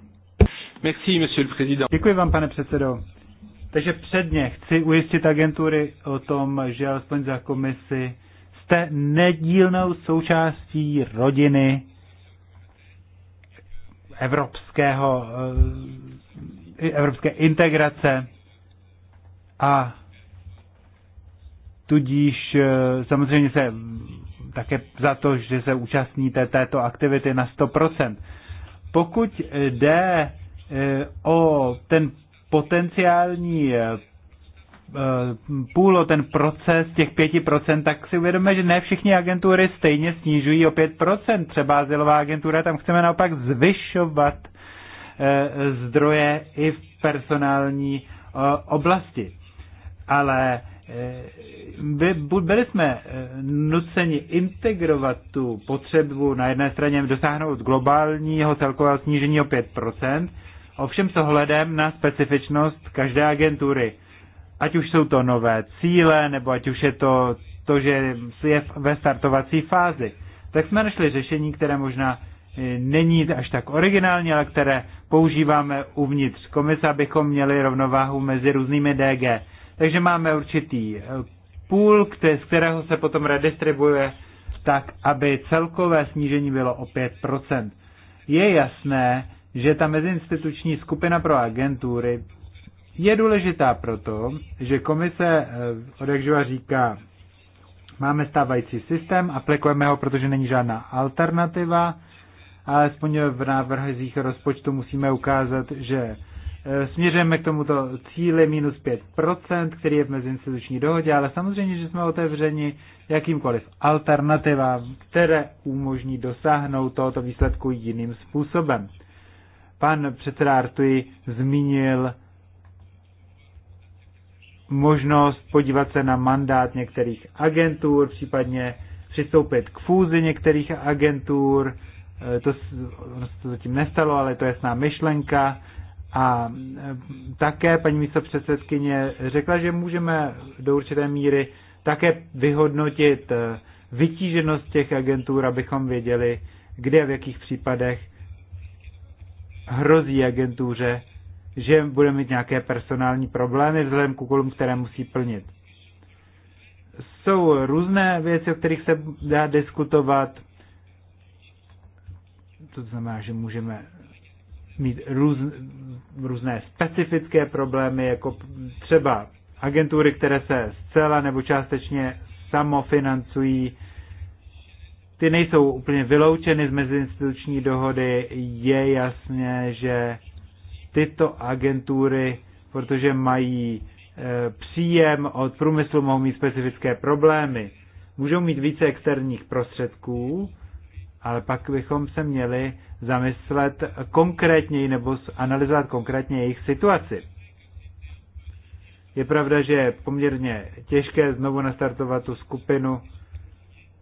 Merci, monsieur le président. Děkuji vám, pane předsedo. Takže předně chci ujistit agentury o tom, že alespoň za komisi jste nedílnou součástí rodiny evropského eh, evropské integrace a tudíž e, samozřejmě se také za to, že se účastníte této aktivity na 100%. Pokud jde e, o ten potenciální e, půl, o ten proces těch 5%, tak si uvědomíme, že ne všichni agentury stejně snižují o 5%. Třeba azylová agentura, tam chceme naopak zvyšovat Eh, zdroje i v personální eh, oblasti. Ale eh, by byli jsme nuceni integrovat tu potřebu na jedné straně dosáhnout globálního celkového snížení o 5%, ovšem s ohledem na specifičnost každé agentury. Ať už jsou to nové cíle, nebo ať už je to to, že je ve startovací fázi. Tak jsme našli řešení, které možná není až tak originální, ale které používáme uvnitř komise, abychom měli rovnováhu mezi různými DG. Takže máme určitý eh, půl, z kterého se potom redistribuje tak, aby celkové snížení bylo o 5%. Je jasné, že ta meziinstituční skupina pro agentury je důležitá proto, že komise eh, jakživa říká, máme stávající systém, aplikujeme ho, protože není žádná alternativa, alespoň v návrhezích rozpočtu musíme ukázat, že e, směřujeme k tomuto cíli minus 5%, který je v meziinstituční dohodě, ale samozřejmě, že jsme otevřeni jakýmkoliv alternativám, které umožní dosáhnout tohoto výsledku jiným způsobem. Pan předseda Artuji zmínil možnost podívat se na mandát některých agentur, případně přistoupit k fúzi některých agentur, Eh, to, ono se to zatím nestalo, ale to je jasná myšlenka. A eh, také paní místo předsedkyně řekla, že můžeme do určité míry také vyhodnotit eh, vytíženost těch agentur, abychom věděli, kde a v jakých případech hrozí agentuře, že bude mít nějaké personální problémy vzhledem k úkolům, které musí plnit. Jsou různé věci, o kterých se dá diskutovat to znamená, že můžeme mít růz, různé specifické problémy, jako třeba agentury, které se zcela nebo částečně samofinancují. Ty nejsou úplně vyloučeny z meziinstituční dohody. Je jasné, že tyto agentury, protože mají e, příjem od průmyslu, mohou mít specifické problémy. Můžou mít více externích prostředků, ale pak bychom se měli zamyslet konkrétněji nebo analyzovat konkrétně jejich situaci. Je pravda, že je poměrně těžké znovu nastartovat tu skupinu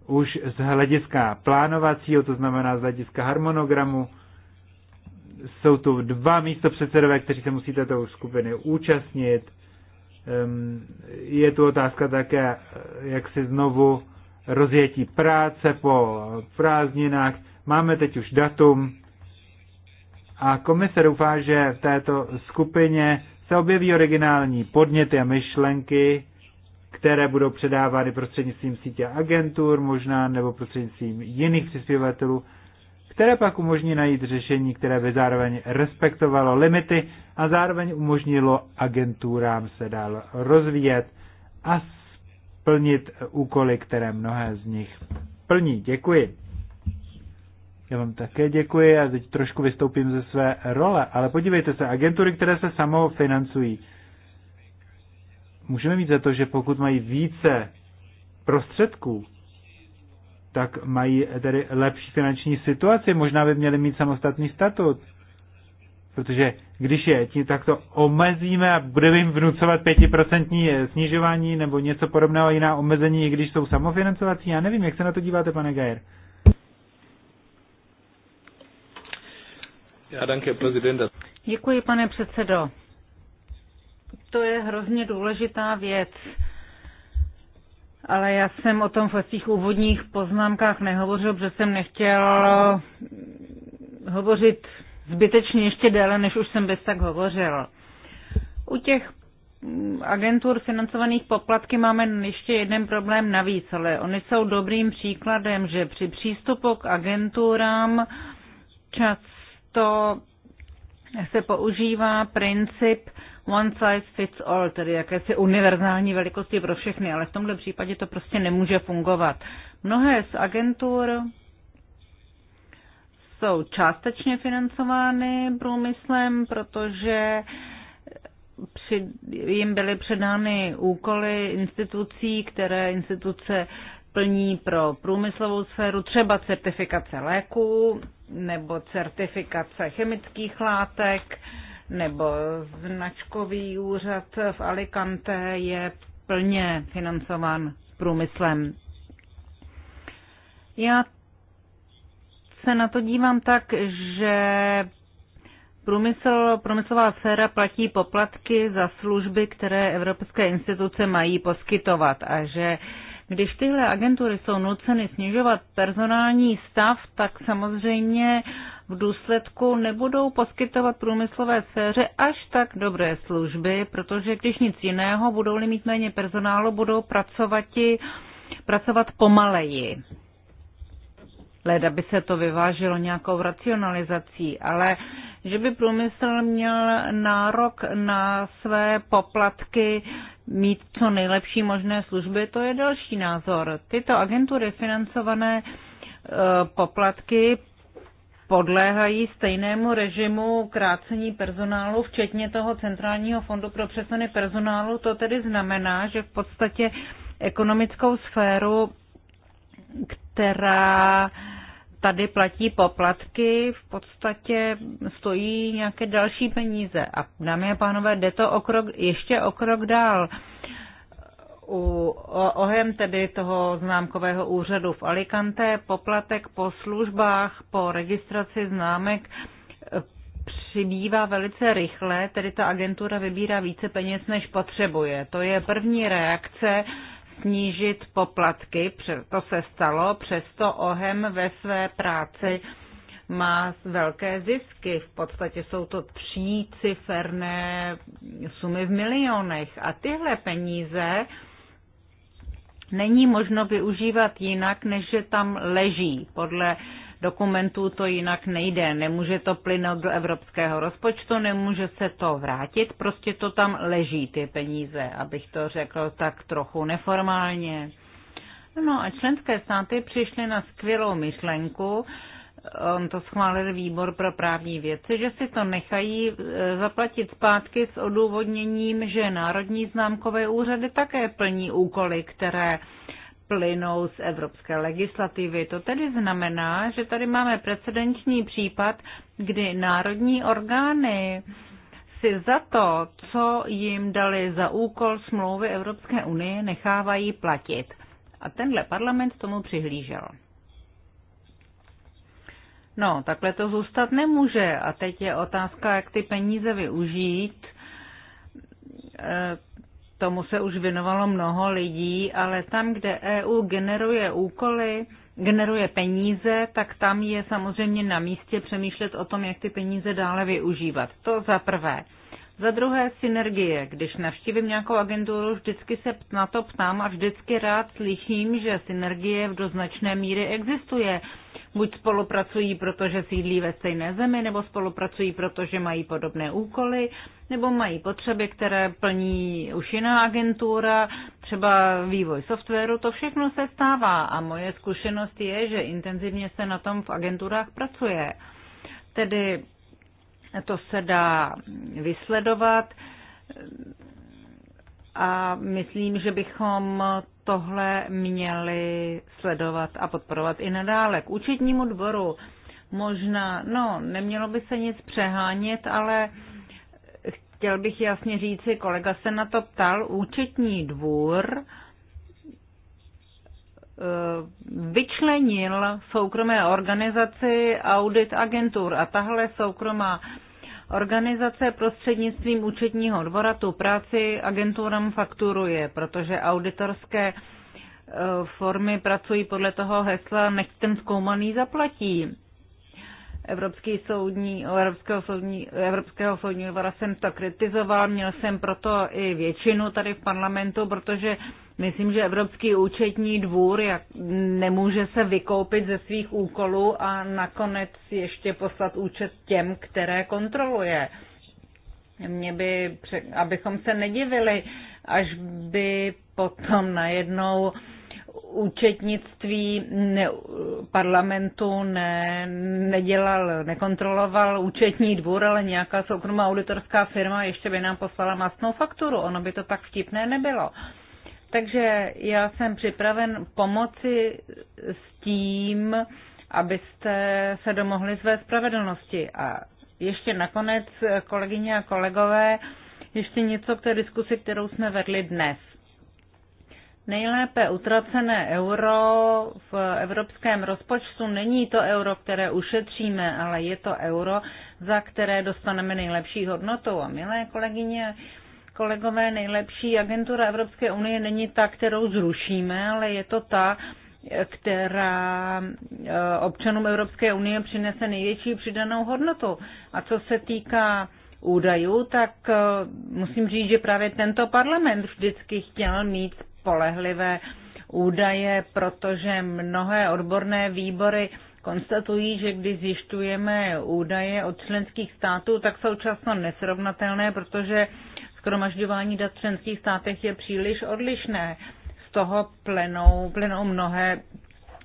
už z hlediska plánovacího, to znamená z hlediska harmonogramu. Jsou tu dva místo předsedové, kteří se musí této skupiny účastnit. Ehm, je tu otázka také, jak si znovu rozjetí práce po prázdninách. Máme teď už datum a komise doufá, že v této skupině se objeví originální podněty a myšlenky, které budou předávány prostřednictvím sítě agentur možná nebo prostřednictvím jiných přispěvatelů, které pak umožní najít řešení, které by zároveň respektovalo limity a zároveň umožnilo agenturám se dál rozvíjet a plnit úkoly, které mnohé z nich plní. Děkuji. Já vám také děkuji a teď trošku vystoupím ze své role, ale podívejte se, agentury, které se samofinancují, můžeme mít za to, že pokud mají více prostředků, tak mají tedy lepší finanční situaci, možná by měli mít samostatný statut. Protože když je tak to omezíme a budeme jim vnucovat pětiprocentní eh, snižování nebo něco podobného, jiná omezení, i když jsou samofinancovací, já nevím, jak se na to díváte, pane Gajer. Já danke, prezidenta. Děkuji, pane předsedo. To je hrozně důležitá věc. Ale já jsem o tom v těch úvodních poznámkách nehovořil, protože jsem nechtěl hovořit zbytečně ještě déle, než už jsem bez tak hovořil. U těch mm, agentur financovaných poplatky máme ještě jeden problém navíc, ale oni jsou dobrým příkladem, že při přístupu k agenturám často se používá princip one size fits all, tedy jakési univerzální velikosti pro všechny, ale v tomto případě to prostě nemůže fungovat. Mnohé z agentur jsou částečně financovány průmyslem, protože při, jim byly předány úkoly institucí, které instituce plní pro průmyslovou sféru, třeba certifikace léků nebo certifikace chemických látek nebo značkový úřad v Alicante je plně financován průmyslem. Já se na to dívám tak, že průmysl, průmyslová sféra platí poplatky za služby, které evropské instituce mají poskytovat a že když tyhle agentury jsou nuceny snižovat personální stav, tak samozřejmě v důsledku nebudou poskytovat průmyslové sféře až tak dobré služby, protože když nic jiného, budou-li mít méně personálu, budou pracovat, pracovat pomaleji. Leda by se to vyváželo nějakou racionalizací, ale že by průmysl měl nárok na své poplatky mít co nejlepší možné služby, to je další názor. Tyto agentury financované e, poplatky podléhají stejnému režimu krácení personálu, včetně toho Centrálního fondu pro přesuny personálu. To tedy znamená, že v podstatě ekonomickou sféru která tady platí poplatky, v podstatě stojí nějaké další peníze. A dámy a pánové, jde to o krok, ještě o krok dál. U OHEM, tedy toho známkového úřadu v Alicante, poplatek po službách, po registraci známek eh, přibývá velice rychle, tedy ta agentura vybírá více peněz, než potřebuje. To je první reakce, snížit poplatky, to se stalo, přesto OHEM ve své práci má velké zisky. V podstatě jsou to tří ciferné sumy v milionech. A tyhle peníze není možno využívat jinak, než že tam leží. Podle dokumentů to jinak nejde. Nemůže to plynout do evropského rozpočtu, nemůže se to vrátit, prostě to tam leží, ty peníze, abych to řekl tak trochu neformálně. No a členské státy přišly na skvělou myšlenku, on to schválil výbor pro právní věci, že si to nechají e, zaplatit zpátky s odůvodněním, že národní známkové úřady také plní úkoly, které plynou z evropské legislativy. To tedy znamená, že tady máme precedenční případ, kdy národní orgány si za to, co jim dali za úkol smlouvy Evropské unie, nechávají platit. A tenhle parlament tomu přihlížel. No, takhle to zůstat nemůže. A teď je otázka, jak ty peníze využít eh, tomu se už věnovalo mnoho lidí, ale tam, kde EU generuje úkoly, generuje peníze, tak tam je samozřejmě na místě přemýšlet o tom, jak ty peníze dále využívat. To za prvé. Za druhé synergie. Když navštívím nějakou agenturu, vždycky se na to ptám a vždycky rád slyším, že synergie v doznačné míry existuje. Buď spolupracují, protože sídlí ve stejné zemi, nebo spolupracují, protože mají podobné úkoly, nebo mají potřeby, které plní už jiná agentura, třeba vývoj softwaru, to všechno se stává a moje zkušenost je, že intenzivně se na tom v agenturách pracuje. Tedy to se dá vysledovat a myslím, že bychom tohle měli sledovat a podporovat i nadále. K účetnímu dvoru možná, no, nemělo by se nic přehánět, ale chtěl bych jasně říci, kolega se na to ptal, účetní dvůr eh, vyčlenil soukromé organizaci audit agentur a tahle soukromá organizace prostřednictvím účetního dvora tu práci agenturám fakturuje, protože auditorské eh, formy pracují podle toho hesla nech ten zkoumaný zaplatí. Evropský soudní, Evropského, soudní, Evropského soudního dvora jsem to kritizoval, měl jsem proto i většinu tady v parlamentu, protože myslím, že Evropský účetní dvůr jak, nemůže se vykoupit ze svých úkolů a nakonec ještě poslat účet těm, které kontroluje. Mě by, abychom se nedivili, až by potom najednou účetnictví ne, parlamentu ne, nedělal, nekontroloval účetní dvůr, ale nějaká soukromá auditorská firma ještě by nám poslala masnou fakturu. Ono by to tak vtipné nebylo. Takže já jsem připraven pomoci s tím, abyste se domohli své spravedlnosti. A ještě nakonec, kolegyně a kolegové, ještě něco k té diskusi, kterou jsme vedli dnes nejlépe utracené euro v evropském rozpočtu není to euro, které ušetříme, ale je to euro, za které dostaneme nejlepší hodnotu. A milé kolegyně, kolegové, nejlepší agentura Evropské unie není ta, kterou zrušíme, ale je to ta, která eh, občanům Evropské unie přinese největší přidanou hodnotu. A co se týká údajů, tak eh, musím říct, že právě tento parlament vždycky chtěl mít spolehlivé údaje, protože mnohé odborné výbory konstatují, že když zjišťujeme údaje od členských států, tak jsou často nesrovnatelné, protože skromažďování dat v členských státech je příliš odlišné. Z toho plenou, plenou mnohé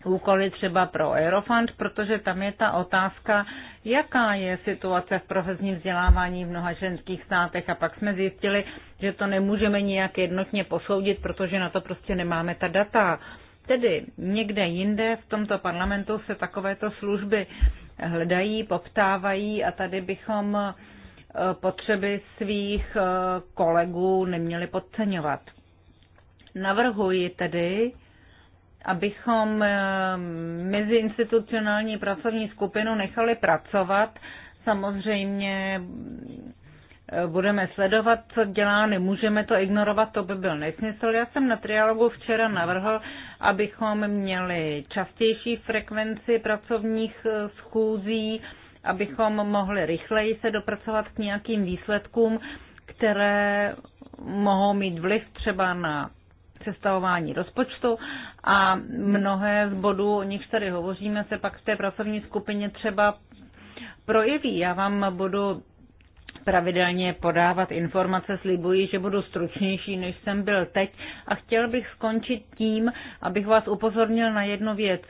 úkoly třeba pro Eurofund, protože tam je ta otázka, jaká je situace v profesním vzdělávání v mnoha ženských státech a pak jsme zjistili, že to nemůžeme nijak jednotně posoudit, protože na to prostě nemáme ta data. Tedy někde jinde v tomto parlamentu se takovéto služby hledají, poptávají a tady bychom eh, potřeby svých eh, kolegů neměli podceňovat. Navrhuji tedy, abychom eh, meziinstitucionální pracovní skupinu nechali pracovat. Samozřejmě eh, budeme sledovat, co dělá, nemůžeme to ignorovat, to by byl nesmysl. Já jsem na trialogu včera navrhl, abychom měli častější frekvenci pracovních eh, schůzí, abychom mohli rychleji se dopracovat k nějakým výsledkům, které mohou mít vliv třeba na sestavování rozpočtu a mnohé z bodů, o nichž tady hovoříme, se pak v té pracovní skupině třeba projeví. Já vám budu pravidelně podávat informace, slibuji, že budu stručnější, než jsem byl teď a chtěl bych skončit tím, abych vás upozornil na jednu věc.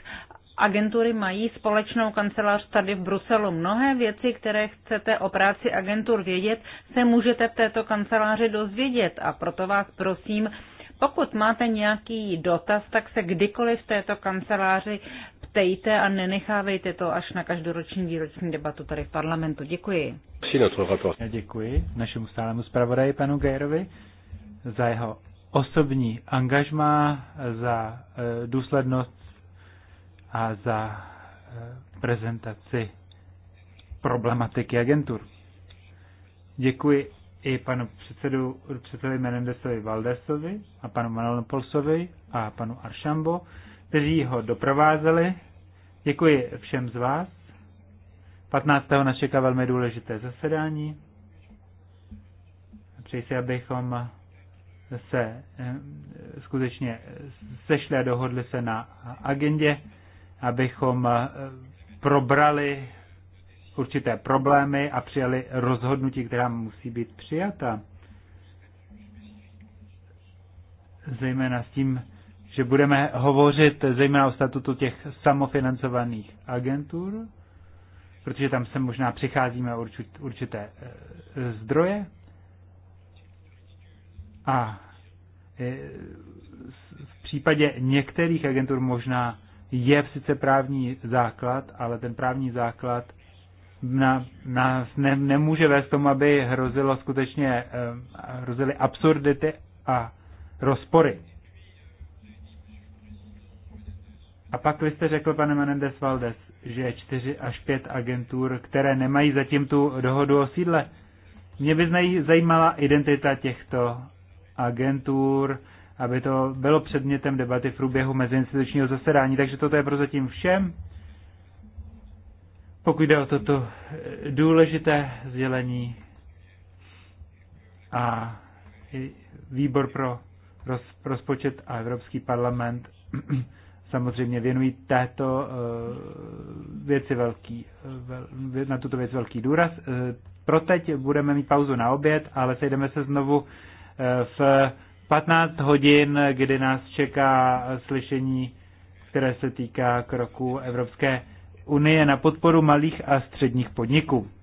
Agentury mají společnou kancelář tady v Bruselu. Mnohé věci, které chcete o práci agentur vědět, se můžete v této kanceláři dozvědět a proto vás prosím, pokud máte nějaký dotaz, tak se kdykoliv v této kanceláři ptejte a nenechávejte to až na každoroční výroční debatu tady v parlamentu. Děkuji. Já děkuji našemu stálemu zpravodaji panu Gajerovi za jeho osobní angažmá, za e, důslednost a za e, prezentaci problematiky agentur. Děkuji i panu předsedu, předsedovi Menendesovi Valdesovi a panu Manolopolsovi a panu Aršambo, kteří ho doprovázeli. Děkuji všem z vás. 15. nás čeká velmi důležité zasedání. Přeji si, abychom se eh, skutečně sešli a dohodli se na agendě, abychom eh, probrali určité problémy a přijali rozhodnutí, která musí být přijata. Zejména s tím, že budeme hovořit zejména o statutu těch samofinancovaných agentur, protože tam se možná přicházíme určit, určité eh, zdroje. A eh, v případě některých agentur možná je sice právní základ, ale ten právní základ na, na, ne, nemůže vést tomu, aby hrozilo skutečně eh, hrozily absurdity a rozpory. A pak vy jste řekl, pane Menendez Valdez, že je čtyři až pět agentur, které nemají zatím tu dohodu o sídle. Mě by zajímala identita těchto agentur, aby to bylo předmětem debaty v průběhu meziinstitučního zasedání. Takže toto je prozatím všem pokud jde o toto důležité sdělení a výbor pro roz, rozpočet a Evropský parlament samozřejmě věnují této eh, věci velký, na tuto věc velký důraz. Eh, pro teď budeme mít pauzu na oběd, ale sejdeme se znovu eh, v 15 hodin, kdy nás čeká slyšení, které se týká kroku Evropské unie na podporu malých a středních podniků.